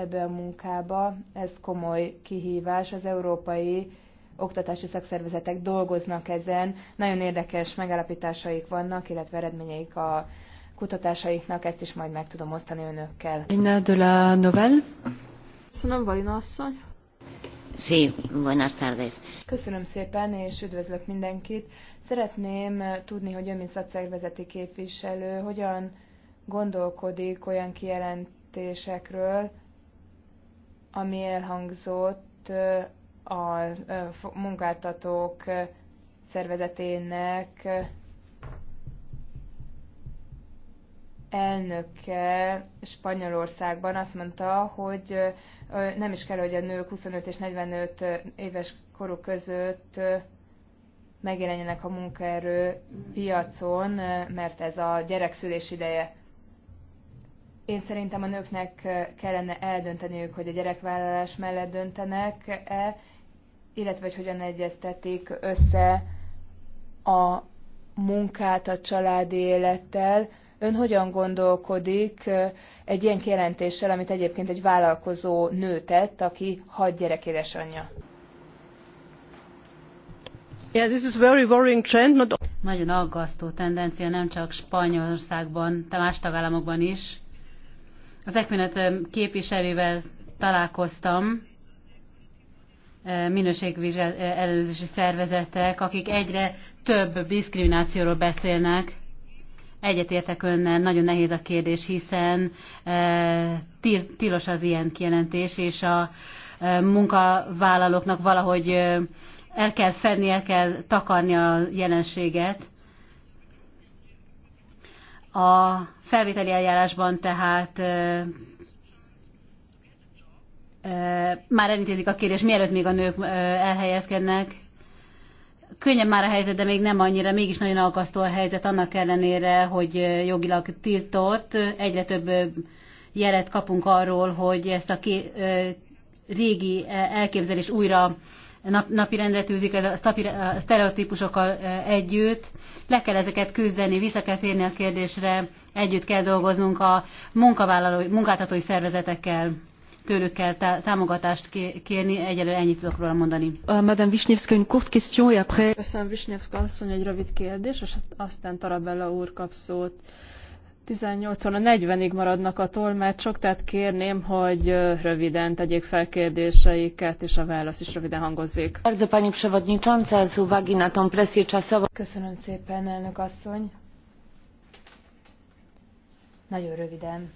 ebbe a munkába. Ez komoly kihívás. Az európai oktatási szakszervezetek dolgoznak ezen. Nagyon érdekes megállapításaik vannak, illetve eredményeik a kutatásaiknak, ezt is majd meg tudom osztani önökkel. Inna de la Novel. Köszönöm, Valina asszony. Sí, buenas tardes. Köszönöm szépen, és üdvözlök mindenkit. Szeretném tudni, hogy ön, mint szakszervezeti képviselő, hogyan gondolkodik olyan kijelentésekről, ami elhangzott a munkáltatók szervezetének elnöke Spanyolországban azt mondta, hogy nem is kell, hogy a nők 25 és 45 éves korú között megjelenjenek a munkaerő piacon, mert ez a gyerekszülés ideje. Én szerintem a nőknek kellene eldönteniük, hogy a gyerekvállalás mellett döntenek-e, illetve hogy hogyan egyeztetik össze a munkát a családi élettel. Ön hogyan gondolkodik egy ilyen kijelentéssel, amit egyébként egy vállalkozó nő tett, aki hat gyerek édesanyja? Yeah, this is very worrying trend. Not... Nagyon aggasztó tendencia, nem csak Spanyolországban, de más tagállamokban is az Equinet képviselővel találkoztam, minőségvizsgálat előzési szervezetek, akik egyre több diszkriminációról beszélnek. Egyetértek önnel, nagyon nehéz a kérdés, hiszen e, tilos az ilyen kijelentés, és a e, munkavállalóknak valahogy el kell fedni, el kell takarni a jelenséget. A felvételi eljárásban tehát már elintézik a kérdés, mielőtt még a nők elhelyezkednek. Könnyebb már a helyzet, de még nem annyira, mégis nagyon alkasztó a helyzet, annak ellenére, hogy jogilag tiltott. Egyre több jelet kapunk arról, hogy ezt a régi e, elképzelést újra nap, rendre tűzik ez a sztereotípusokkal e, együtt. Le kell ezeket küzdeni, vissza kell térni a kérdésre, együtt kell dolgoznunk a munkavállalói, munkáltatói szervezetekkel tőlük kell támogatást kérni, egyelőre ennyit tudok róla mondani. Uh, Madame Vishnevska, une courte question, et après... Köszönöm, Wisniewska asszony, egy rövid kérdés, és aztán Tarabella úr kap szót. Uh, 18-on a 40-ig maradnak a tolmácsok, tehát kérném, hogy röviden tegyék fel kérdéseiket, és a válasz is röviden hangozzék. pani Köszönöm szépen, elnök asszony. Nagyon röviden.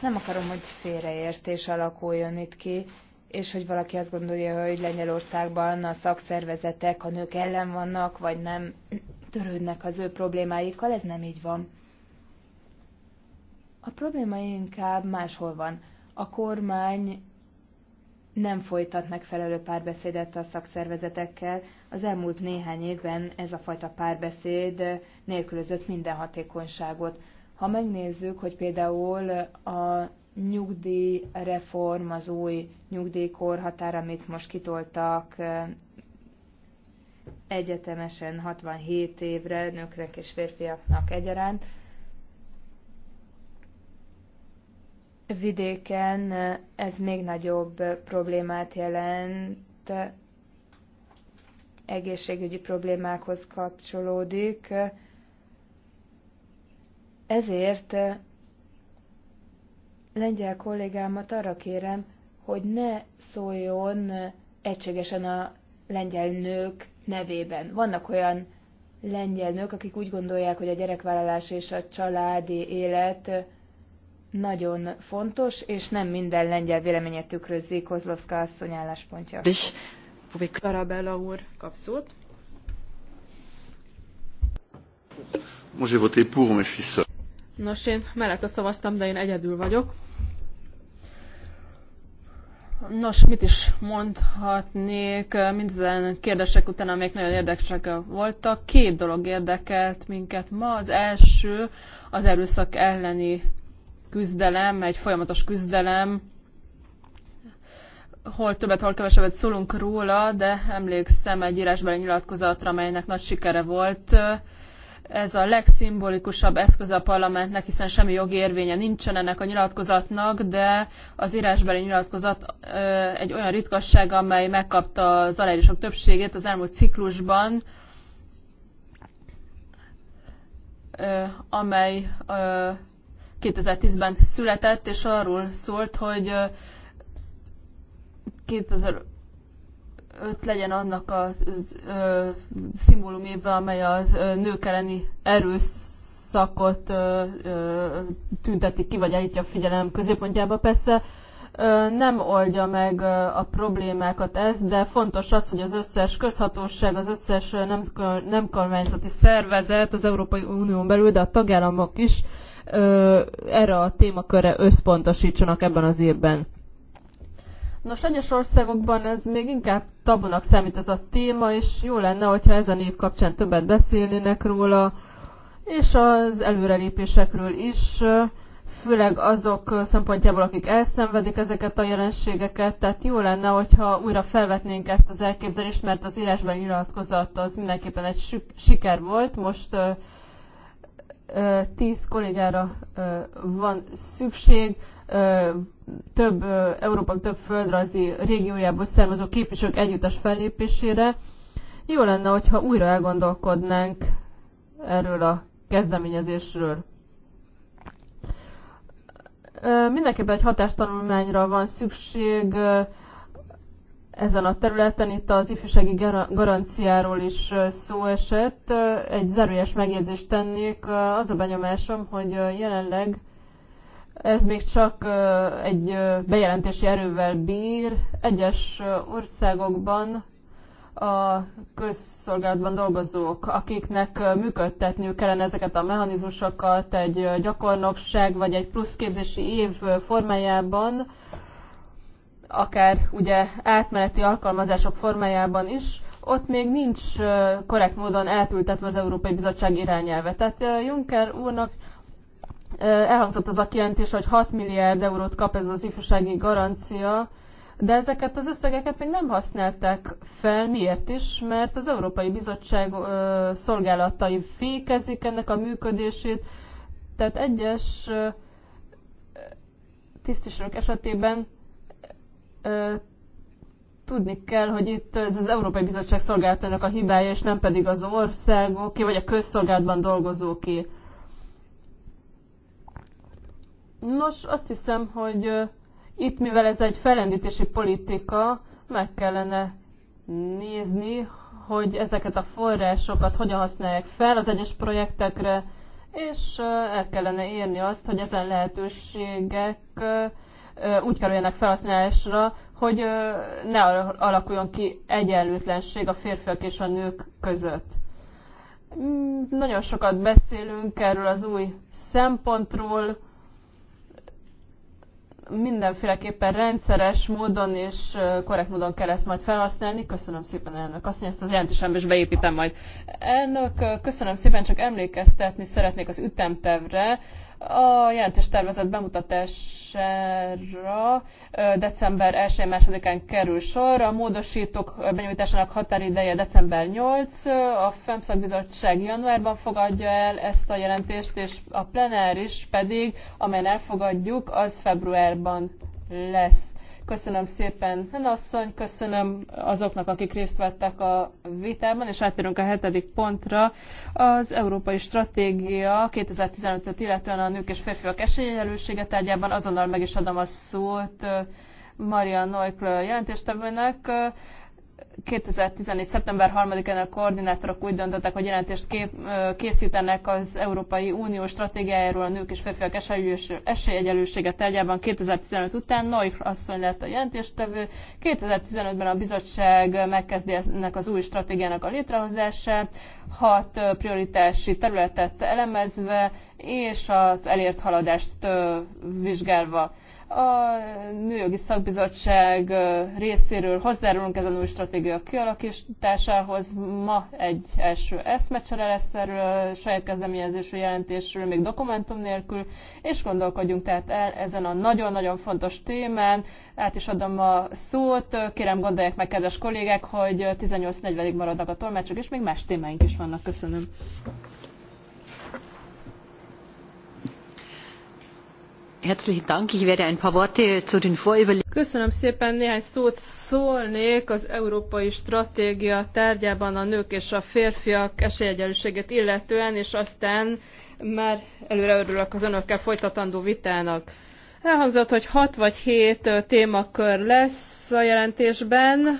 Nem akarom, hogy félreértés alakuljon itt ki, és hogy valaki azt gondolja, hogy Lengyelországban a szakszervezetek a nők ellen vannak, vagy nem törődnek az ő problémáikkal, ez nem így van. A probléma inkább máshol van. A kormány nem folytat megfelelő párbeszédet a szakszervezetekkel. Az elmúlt néhány évben ez a fajta párbeszéd nélkülözött minden hatékonyságot. Ha megnézzük, hogy például a nyugdíjreform, az új nyugdíjkorhatár, amit most kitoltak egyetemesen 67 évre nőknek és férfiaknak egyaránt. Vidéken ez még nagyobb problémát jelent, egészségügyi problémákhoz kapcsolódik. Ezért lengyel kollégámat arra kérem, hogy ne szóljon egységesen a lengyel nők nevében. Vannak olyan lengyel nők, akik úgy gondolják, hogy a gyerekvállalás és a családi élet nagyon fontos, és nem minden lengyel véleményet tükrözi Kozlovszka asszony álláspontja. És Arabella úr kap szót. Nos, én mellette szavaztam, de én egyedül vagyok. Nos, mit is mondhatnék mindezen kérdések után, amelyek nagyon érdekesek voltak. Két dolog érdekelt minket ma. Az első az erőszak elleni küzdelem, egy folyamatos küzdelem. Hol többet, hol kevesebbet szólunk róla, de emlékszem egy írásbeli nyilatkozatra, amelynek nagy sikere volt ez a legszimbolikusabb eszköz a parlamentnek, hiszen semmi jogi érvénye nincsen ennek a nyilatkozatnak, de az írásbeli nyilatkozat egy olyan ritkasság, amely megkapta az aláírások többségét az elmúlt ciklusban, amely 2010-ben született, és arról szólt, hogy 2000 öt legyen annak a szimbóluméve, amely az nők elleni erőszakot tünteti ki, vagy elítja a figyelem középpontjába. Persze nem oldja meg a problémákat ez, de fontos az, hogy az összes közhatóság, az összes nem, nem kormányzati szervezet az Európai Unión belül, de a tagállamok is erre a témakörre összpontosítsanak ebben az évben. Nos, egyes országokban ez még inkább tabunak számít ez a téma, és jó lenne, hogyha ezen év kapcsán többet beszélnének róla, és az előrelépésekről is, főleg azok szempontjából, akik elszenvedik ezeket a jelenségeket, tehát jó lenne, hogyha újra felvetnénk ezt az elképzelést, mert az írásban nyilatkozat az mindenképpen egy siker volt, most tíz kollégára van szükség, több Európa több földrajzi régiójából származó képviselők együttes fellépésére. Jó lenne, hogyha újra elgondolkodnánk erről a kezdeményezésről. Mindenképpen egy hatástanulmányra van szükség ezen a területen. Itt az ifjúsági garanciáról is szó esett. Egy zárójeles megjegyzést tennék. Az a benyomásom, hogy jelenleg ez még csak egy bejelentési erővel bír. Egyes országokban a közszolgálatban dolgozók, akiknek működtetniük kellene ezeket a mechanizmusokat egy gyakornokság vagy egy pluszképzési év formájában, akár ugye átmeneti alkalmazások formájában is, ott még nincs korrekt módon eltültetve az Európai Bizottság irányelve. Tehát Juncker úrnak Elhangzott az a kijelentés, hogy 6 milliárd eurót kap ez az ifjúsági garancia, de ezeket az összegeket még nem használták fel. Miért is? Mert az Európai Bizottság szolgálatai fékezik ennek a működését, tehát egyes tisztviselők esetében tudni kell, hogy itt ez az Európai Bizottság szolgálatának a hibája, és nem pedig az országoké, vagy a közszolgálatban dolgozóké. Nos, azt hiszem, hogy itt, mivel ez egy felendítési politika, meg kellene nézni, hogy ezeket a forrásokat hogyan használják fel az egyes projektekre, és el kellene érni azt, hogy ezen lehetőségek úgy kerüljenek felhasználásra, hogy ne alakuljon ki egyenlőtlenség a férfiak és a nők között. Mm, nagyon sokat beszélünk erről az új szempontról, mindenféleképpen rendszeres módon és korrekt módon kell ezt majd felhasználni. Köszönöm szépen, elnök asszony, ezt az jelentésembe is beépítem majd. Elnök, köszönöm szépen, csak emlékeztetni szeretnék az ütemtevre. A jelentés tervezett bemutatására december 1-2-án kerül sor. A módosítók benyújtásának határideje december 8. A FEMSZAK januárban fogadja el ezt a jelentést, és a plenáris pedig, amelyen elfogadjuk, az februárban lesz. Köszönöm szépen, asszony, köszönöm azoknak, akik részt vettek a vitában, és átérünk a hetedik pontra. Az Európai Stratégia 2015-öt, illetően a nők és férfiak esélyegyenlősége tárgyában azonnal meg is adom a szót Maria Neukl jelentéstevőnek. 2014. szeptember 3-án a koordinátorok úgy döntöttek, hogy jelentést kép, készítenek az Európai Unió stratégiájáról a nők és férfiak esélyegyelősége tárgyában 2015 után. Noik asszony lett a jelentéstevő. 2015-ben a bizottság megkezdi ennek az új stratégiának a létrehozását, hat prioritási területet elemezve és az elért haladást vizsgálva. A Nőjogi Szakbizottság részéről hozzárulunk ezen új stratégia kialakításához. Ma egy első eszmecsere lesz erről, saját kezdeményezésű jelentésről, még dokumentum nélkül, és gondolkodjunk tehát el ezen a nagyon-nagyon fontos témán. Át is adom a szót. Kérem, gondolják meg, kedves kollégák, hogy 18.40-ig maradnak a tolmácsok, és még más témáink is vannak. Köszönöm. Köszönöm szépen, néhány szót szólnék az európai stratégia tárgyában a nők és a férfiak esélyegyenlőségét illetően, és aztán már előre örülök az önökkel folytatandó vitának. Elhangzott, hogy hat vagy hét témakör lesz a jelentésben,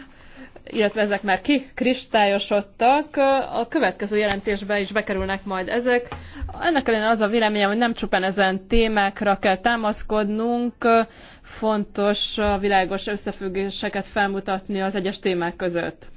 illetve ezek már kikristályosodtak. A következő jelentésbe is bekerülnek majd ezek. Ennek ellenére az a véleményem, hogy nem csupán ezen témákra kell támaszkodnunk, fontos a világos összefüggéseket felmutatni az egyes témák között.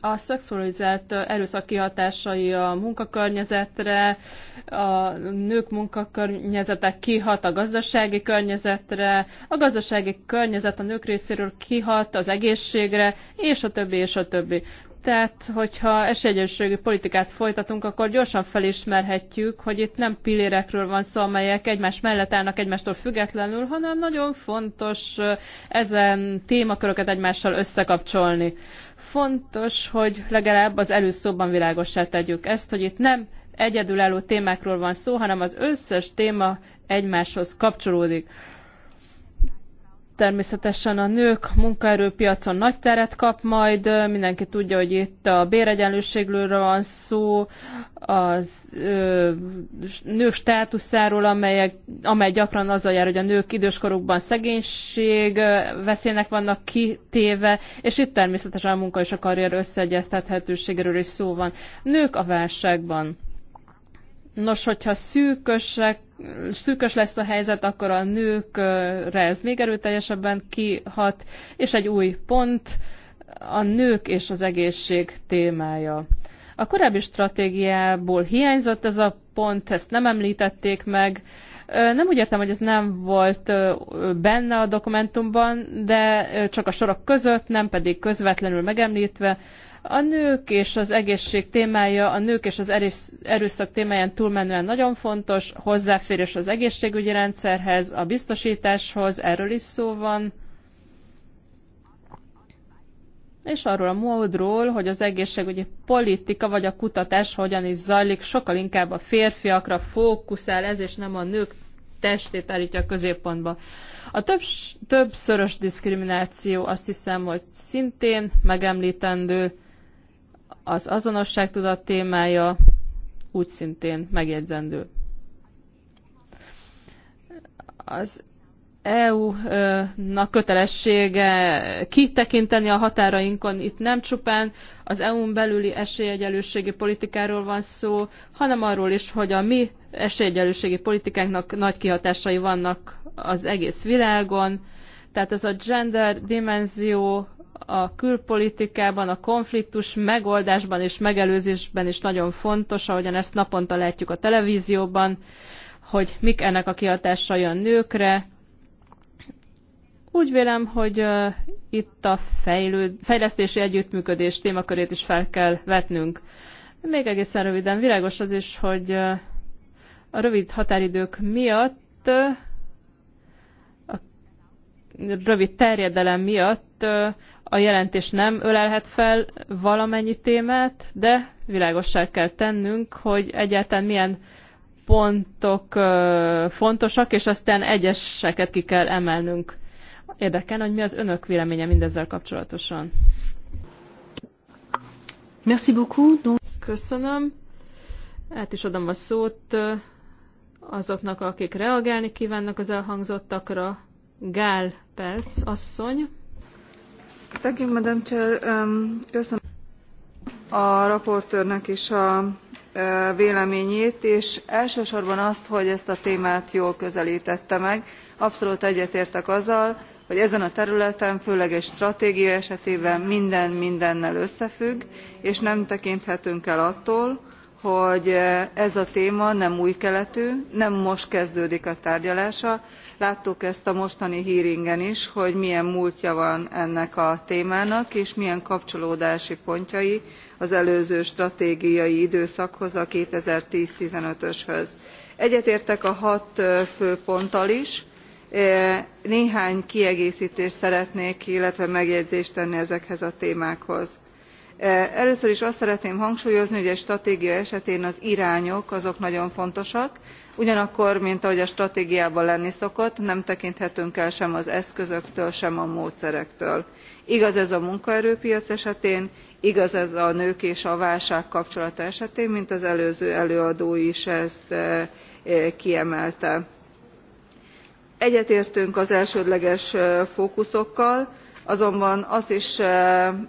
A szexualizált erőszak kihatásai a munkakörnyezetre, a nők munkakörnyezete kihat a gazdasági környezetre, a gazdasági környezet a nők részéről kihat az egészségre, és a többi, és a többi. Tehát, hogyha esélyegyenlőségi politikát folytatunk, akkor gyorsan felismerhetjük, hogy itt nem pillérekről van szó, amelyek egymás mellett állnak egymástól függetlenül, hanem nagyon fontos eh, ezen témaköröket egymással összekapcsolni. Fontos, hogy legalább az előszóban világossá tegyük ezt, hogy itt nem egyedülálló témákról van szó, hanem az összes téma egymáshoz kapcsolódik. Természetesen a nők munkaerőpiacon nagy teret kap majd, mindenki tudja, hogy itt a béregyenlőségről van szó, a nők státuszáról, amelyek, amely gyakran az jár, hogy a nők időskorukban szegénység veszélynek vannak kitéve, és itt természetesen a munka és a karrier összeegyeztethetőségről is szó van. Nők a válságban. Nos, hogyha szűkösek szűkös lesz a helyzet, akkor a nőkre ez még erőteljesebben kihat, és egy új pont, a nők és az egészség témája. A korábbi stratégiából hiányzott ez a pont, ezt nem említették meg. Nem úgy értem, hogy ez nem volt benne a dokumentumban, de csak a sorok között, nem pedig közvetlenül megemlítve. A nők és az egészség témája, a nők és az erőszak témáján túlmenően nagyon fontos, hozzáférés az egészségügyi rendszerhez, a biztosításhoz, erről is szó van, és arról a módról, hogy az egészségügyi politika vagy a kutatás hogyan is zajlik, sokkal inkább a férfiakra fókuszál ez, és nem a nők testét állítja a középpontba. A több, többszörös diszkrimináció azt hiszem, hogy szintén megemlítendő. Az azonosságtudat témája úgy szintén megjegyzendő. Az EU-nak kötelessége kitekinteni a határainkon. Itt nem csupán az EU-n belüli esélyegyelőségi politikáról van szó, hanem arról is, hogy a mi esélyegyelőségi politikánknak nagy kihatásai vannak az egész világon. Tehát ez a gender dimenzió a külpolitikában, a konfliktus megoldásban és megelőzésben is nagyon fontos, ahogyan ezt naponta látjuk a televízióban, hogy mik ennek a kihatásai a nőkre. Úgy vélem, hogy uh, itt a fejlőd, fejlesztési együttműködés témakörét is fel kell vetnünk. Még egészen röviden világos az is, hogy uh, a rövid határidők miatt uh, rövid terjedelem miatt a jelentés nem ölelhet fel valamennyi témát, de világossá kell tennünk, hogy egyáltalán milyen pontok fontosak, és aztán egyeseket ki kell emelnünk. Érdekel, hogy mi az önök véleménye mindezzel kapcsolatosan. Merci beaucoup. Köszönöm. Hát is adom a szót azoknak, akik reagálni kívánnak az elhangzottakra. Gál Pelc asszony. Thank you, Madam Chair. Um, köszönöm a raportőrnek is a uh, véleményét és elsősorban azt hogy ezt a témát jól közelítette meg. abszolút egyetértek azzal hogy ezen a területen főleg egy stratégia esetében minden mindennel összefügg és nem tekinthetünk el attól hogy uh, ez a téma nem új keletű nem most kezdődik a tárgyalása láttuk ezt a mostani hearingen is hogy milyen múltja van ennek a témának és milyen kapcsolódási pontjai az előző stratégiai időszakhoz a two thousand and ten fifteen öshöz. egyetértek a hat fő ponttal is néhány kiegésztést szeretnék illetve megjegyzést tenni ezekhez a témákhoz először is azt szeretném hangsúlyozni hogy egy stratégia esetén az irányok azok nagyon fontosak ugyanakkor mint ahogy a stratégiában lenni szokott nem tekinthetünk el sem az eszközöktől sem a módszerektől. igaz ez a munkaerőpiac esetén igaz ez a nők és a válság kapcsolata esetén mint az előző előadó is ezt e, e, kiemelte. egyetértünk az elsődleges e, fókuszokkal azonban azt is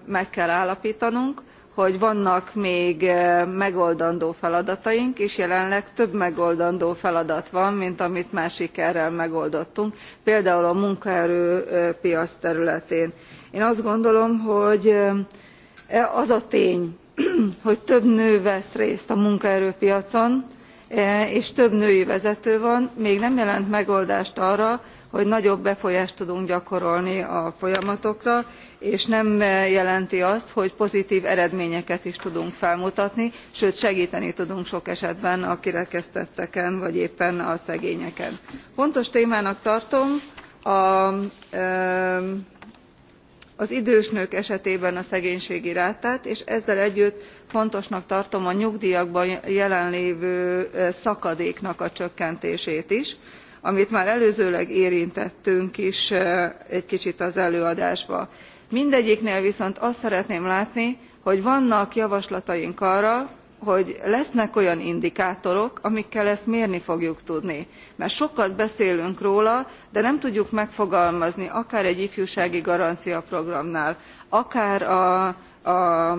meg kell állaptanunk hogy vannak még eh, megoldandó feladataink és jelenleg több megoldandó feladat van mint amit már sikerrel megoldottunk például a munkaerőpiac eh, területén. én azt gondolom hogy eh, e, az a tény [CLEARS THROAT] hogy több nő vesz részt a munkaerőpiacon és több női vezető van még nem jelent megoldást arra hogy nagyobb befolyást tudunk gyakorolni a folyamatokra és nem jelenti azt hogy pozitv eredményeket is tudunk felmutatni sőt segteni tudunk sok esetben a kirekesztetteken vagy éppen a szegényeken. fontos témának tartom az idős nők esetében a szegénységi rátát és ezzel együtt fontosnak tartom a nyugdjakban jelen lévő eh, szakadéknak a csökkentését is amit már előzőleg érintettünk is egy kicsit az előadásban. mindegyiknél viszont azt szeretném látni hogy vannak javaslataink arra hogy lesznek olyan indikátorok amikkel ezt mérni fogjuk tudni mert sokat beszélünk róla de nem tudjuk megfogalmazni akár egy ifjúsági garancia programnál akár a, a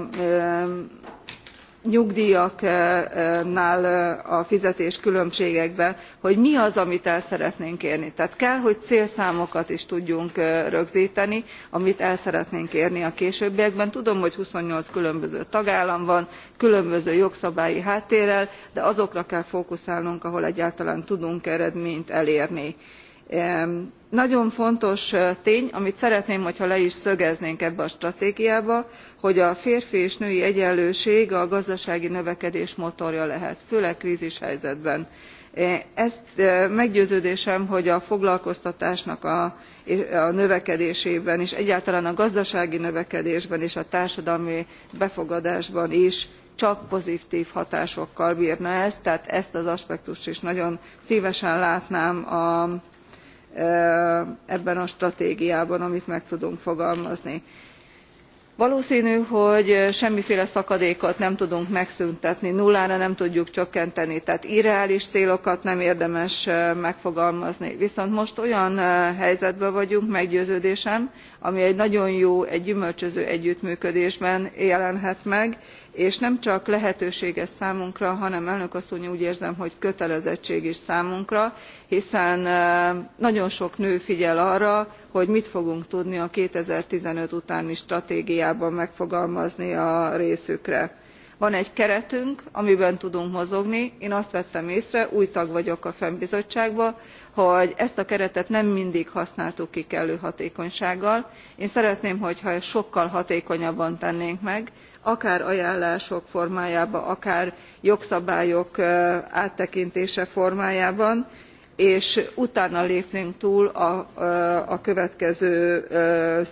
nyugdjaknál a fizetéskülönbségekben hogy mi az amit el szeretnénk érni. tehát kell hogy célszámokat is tudjunk rögzteni amit el szeretnénk érni a későbbiekben. tudom hogy twenty eight különböző tagállam van különböző jogszabályi háttérrel de azokra kell fókuszálnunk ahol egyáltalán tudunk eredményt elérni nagyon fontos tény amit szeretném hogyha le is szögeznénk ebbe a stratégiába hogy a férfi és női egyenlőség a gazdasági növekedés motorja lehet főleg krzishelyzetben. E, ezt, meggyőződésem hogy a foglalkoztatásnak a, a növekedésében és egyáltalán a gazdasági növekedésben és a társadalmi befogadásban is csak pozitv hatásokkal brna ez tehát ezt az aspektust is nagyon szvesen látnám a ebben a stratégiában amit meg tudunk fogalmazni. valósznű hogy semmiféle szakadékot nem tudunk megszüntetni nullára nem tudjuk csökkenteni tehát irreális célokat nem érdemes megfogalmazni viszont most olyan helyzetben vagyunk meggyőződésem ami egy nagyon jó egy gyümölcsöző együttműködésben jelenhet meg és nem csak lehetőség ez számunkra hanem elnök asszony úgy érzem hogy kötelezettség is számunkra hiszen nagyon sok nő figyel arra hogy mit fogunk tudni a two thousand and fifteen utáni stratégiában megfogalmazni a részükre. van egy keretünk amiben tudunk mozogni én azt vettem észre új tag vagyok a femm bizottságban hogy ezt a keretet nem mindig használtuk ki kellő hatékonysággal. én szeretném hogyha ezt sokkal hatékonyabban tennénk meg akár ajánlások formájában akár jogszabályok áttekintése formájában és utána lépnénk túl a következő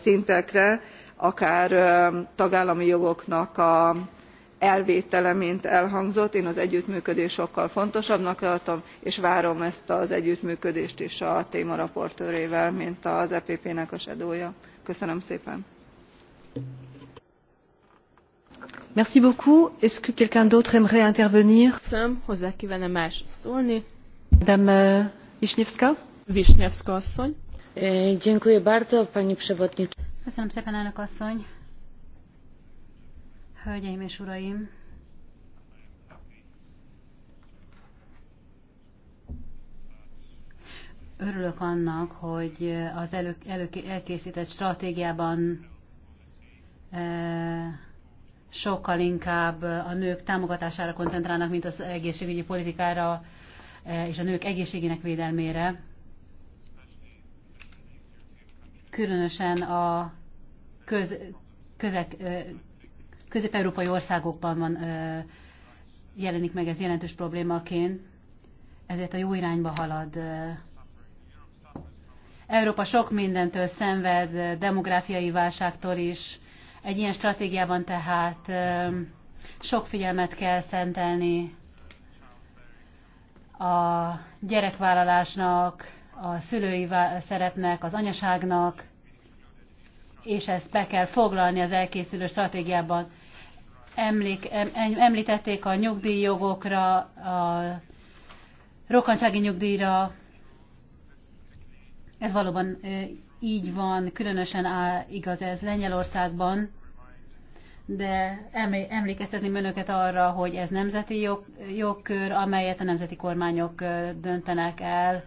szintekre akár tagállami jogoknak az elvétele mint elhangzott én az együttműködést sokkal fontosabbnak tartom és várom ezt az együttműködést is a téma raportőrével mint az epp nek a shadow ja. köszönöm szépen! Merci beaucoup. Est-ce que quelqu'un d'autre aimerait intervenir? Köszönöm, hozzá kívánna más szólni. Madame euh, Wisniewska? Wisniewska asszony. E, dziękuję bardzo, pani przewodnicząca. Köszönöm szépen, elnök asszony. Hölgyeim és uraim! Örülök annak, hogy az elő, elő, elkészített stratégiában e, sokkal inkább a nők támogatására koncentrálnak, mint az egészségügyi politikára eh, és a nők egészségének védelmére. Különösen a köz, közek, eh, közép-európai országokban van, eh, jelenik meg ez jelentős problémaként, ezért a jó irányba halad. Európa sok mindentől szenved, demográfiai válságtól is, egy ilyen stratégiában tehát sok figyelmet kell szentelni a gyerekvállalásnak, a szülői szerepnek, az anyaságnak, és ezt be kell foglalni az elkészülő stratégiában. Emlék, említették a nyugdíjjogokra, a rokkantsági nyugdíjra. Ez valóban így van, különösen á, igaz ez Lengyelországban, de emlékeztetném önöket arra, hogy ez nemzeti jog, jogkör, amelyet a nemzeti kormányok döntenek el.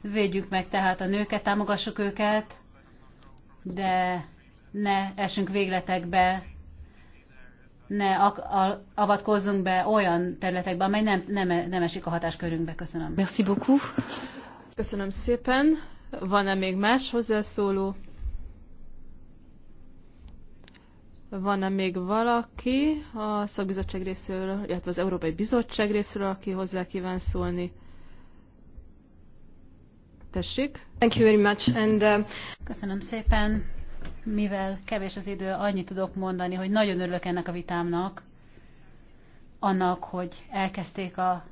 Védjük meg tehát a nőket, támogassuk őket, de ne esünk végletekbe, ne avatkozzunk be olyan területekbe, amely nem, nem, nem esik a hatáskörünkbe. Köszönöm. Merci beaucoup. Köszönöm szépen. Van-e még más hozzászóló? Van-e még valaki a szakbizottság részéről, illetve az Európai Bizottság részéről, aki hozzá kíván szólni? Tessék. Thank you very much. And, uh... Köszönöm szépen. Mivel kevés az idő, annyit tudok mondani, hogy nagyon örülök ennek a vitámnak, annak, hogy elkezdték a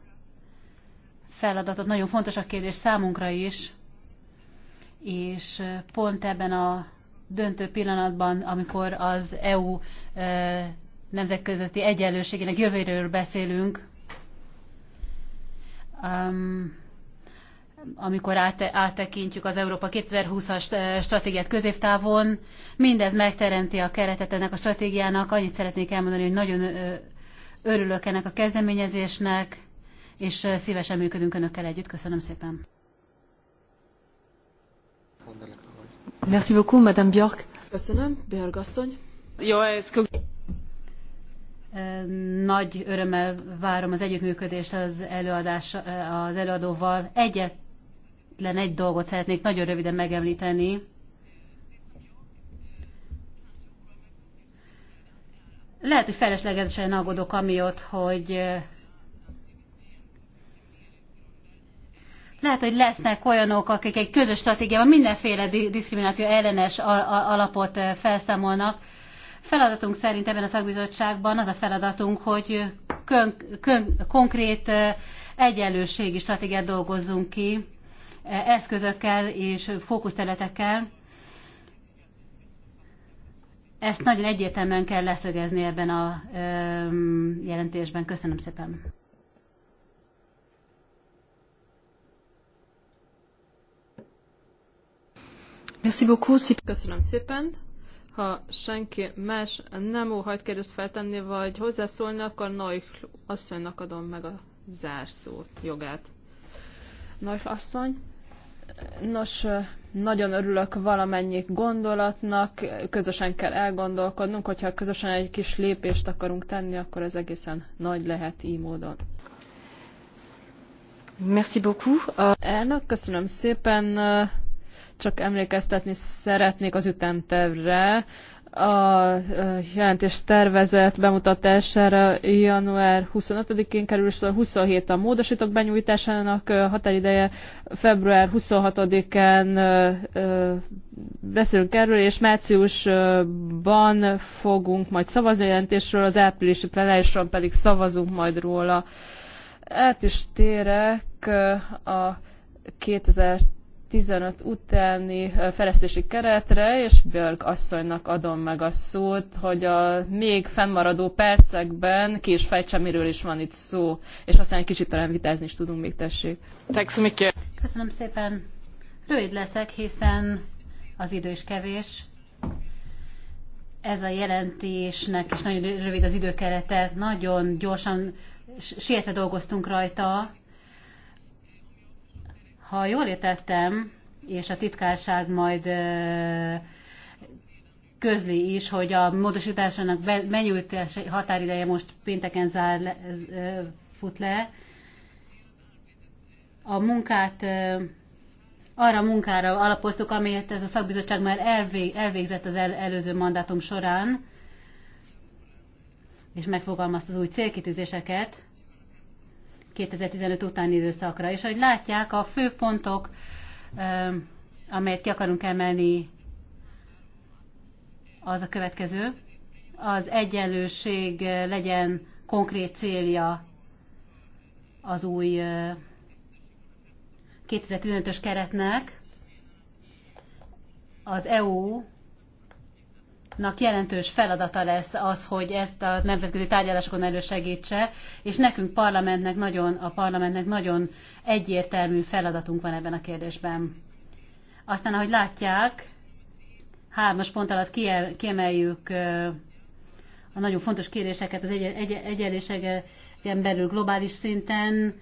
feladatot. Nagyon fontos a kérdés számunkra is, és pont ebben a döntő pillanatban, amikor az EU eh, nemzetközi egyenlőségének jövőről beszélünk, um, amikor áttekintjük az Európa 2020-as eh, stratégiát középtávon, mindez megteremti a keretet ennek a stratégiának. Annyit szeretnék elmondani, hogy nagyon örülök ennek a kezdeményezésnek, és eh, szívesen működünk Önökkel együtt. Köszönöm szépen! Merci beaucoup, Madame Björk. Köszönöm, Björk asszony. Jó, ez nagy örömmel várom az együttműködést az, előadás, az előadóval. Egyetlen egy dolgot szeretnék nagyon röviden megemlíteni. Lehet, hogy feleslegesen aggódok amiatt, hogy lehet, hogy lesznek olyanok, akik egy közös stratégiában mindenféle diszkrimináció ellenes alapot felszámolnak. Feladatunk szerint ebben a szakbizottságban az a feladatunk, hogy kön, kön, konkrét egyenlőségi stratégiát dolgozzunk ki, eszközökkel és fókuszterületekkel. Ezt nagyon egyértelműen kell leszögezni ebben a jelentésben. Köszönöm szépen. Merci beaucoup. Köszönöm szépen. Ha senki más nem óhajt kérdést feltenni, vagy hozzászólni, akkor Noich asszonynak adom meg a zárszó jogát. Noich asszony. Nos, nagyon örülök valamennyi gondolatnak, közösen kell elgondolkodnunk, hogyha közösen egy kis lépést akarunk tenni, akkor ez egészen nagy lehet így módon. Merci beaucoup. Elnök, köszönöm szépen. Csak emlékeztetni szeretnék az ütemtervre. A jelentés tervezett bemutatására január 25-én kerül, 27 a módosítók benyújtásának határideje, február 26-án beszélünk erről, és márciusban fogunk majd szavazni a jelentésről, az áprilisi plenárison pedig szavazunk majd róla. Át is térek a 2000 15 utáni fejlesztési keretre, és Björk asszonynak adom meg a szót, hogy a még fennmaradó percekben ki is fejtse, miről is van itt szó, és aztán egy kicsit talán vitázni is tudunk még, tessék. Köszönöm szépen. Rövid leszek, hiszen az idő is kevés. Ez a jelentésnek is nagyon rövid az időkerete. Nagyon gyorsan, sietve dolgoztunk rajta, ha jól értettem, és a titkárság majd közli is, hogy a módosításának benyújt határideje most pénteken zár le, fut le. A munkát arra a munkára alapoztuk, amelyet ez a szakbizottság már elvégzett az el, előző mandátum során, és megfogalmazta az új célkitűzéseket. 2015 utáni időszakra. És ahogy látják, a fő pontok, amelyet ki akarunk emelni, az a következő. Az egyenlőség legyen konkrét célja az új 2015-ös keretnek. Az EU nak jelentős feladata lesz az, hogy ezt a nemzetközi tárgyalásokon elősegítse, és nekünk parlamentnek nagyon, a parlamentnek nagyon egyértelmű feladatunk van ebben a kérdésben. Aztán, ahogy látják, hármas pont alatt kiemeljük a nagyon fontos kéréseket az egyenlőségen belül globális szinten,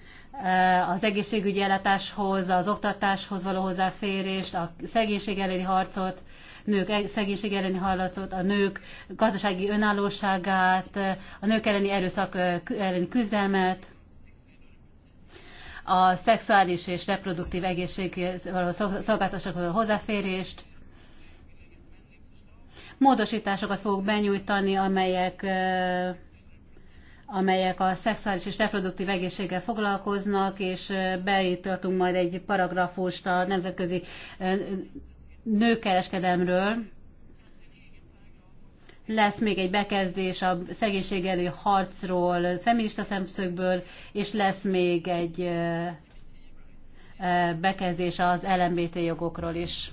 az egészségügyi ellátáshoz, az oktatáshoz való hozzáférést, a szegénység elleni harcot, nők e- szegénység elleni harcot, a nők gazdasági önállóságát, a nők elleni erőszak elleni küzdelmet, a szexuális és reproduktív egészséghez való szolgáltatásokhoz hozzáférést, módosításokat fogok benyújtani, amelyek, amelyek a szexuális és reproduktív egészséggel foglalkoznak, és beírtatunk majd egy paragrafust a nemzetközi nőkereskedelmről lesz még egy bekezdés a szegénység elő harcról, feminista szemszögből, és lesz még egy bekezdés az LMBT jogokról is.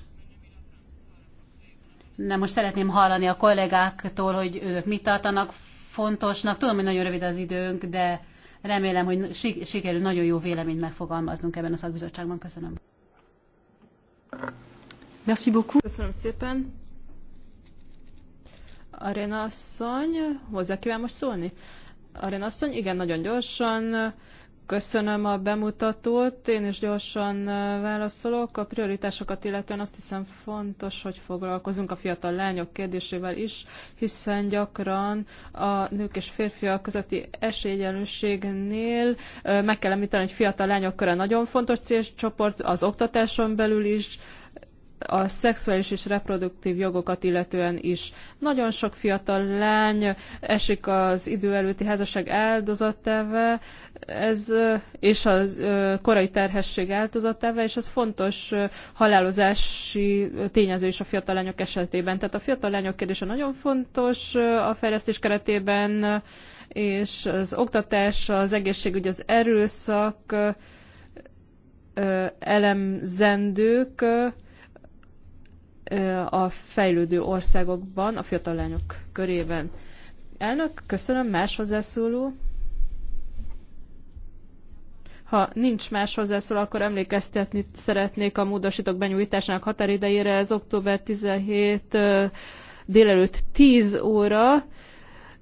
Na most szeretném hallani a kollégáktól, hogy ők mit tartanak fontosnak. Tudom, hogy nagyon rövid az időnk, de remélem, hogy sikerül nagyon jó véleményt megfogalmaznunk ebben a szakbizottságban. Köszönöm. Köszönöm szépen. Arena asszony, hozzá kíván most szólni? Arena asszony, igen, nagyon gyorsan. Köszönöm a bemutatót, én is gyorsan válaszolok. A prioritásokat illetően azt hiszem fontos, hogy foglalkozunk a fiatal lányok kérdésével is, hiszen gyakran a nők és férfiak közötti esélyegyenlőségnél meg kell említeni, hogy fiatal lányok köre nagyon fontos célcsoport, az oktatáson belül is, a szexuális és reproduktív jogokat illetően is. Nagyon sok fiatal lány esik az idő előtti házasság áldozatává, ez, és a korai terhesség áldozatává, és ez fontos halálozási tényező is a fiatal lányok esetében. Tehát a fiatal lányok kérdése nagyon fontos a fejlesztés keretében, és az oktatás, az egészségügy, az erőszak elemzendők, a fejlődő országokban, a fiatal lányok körében. Elnök, köszönöm, más hozzászóló. Ha nincs más hozzászól, akkor emlékeztetni szeretnék a módosítók benyújtásának határidejére. Ez október 17 délelőtt 10 óra.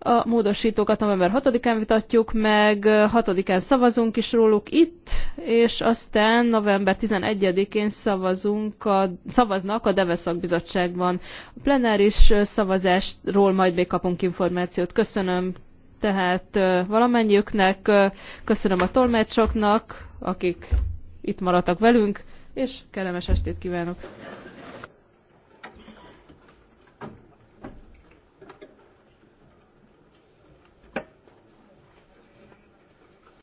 A módosítókat november 6-án vitatjuk meg, 6-án szavazunk is róluk itt, és aztán november 11-én szavazunk a, szavaznak a Deveszak Bizottságban. A plenáris szavazásról majd még kapunk információt. Köszönöm tehát valamennyiüknek, köszönöm a tolmácsoknak, akik itt maradtak velünk, és kellemes estét kívánok!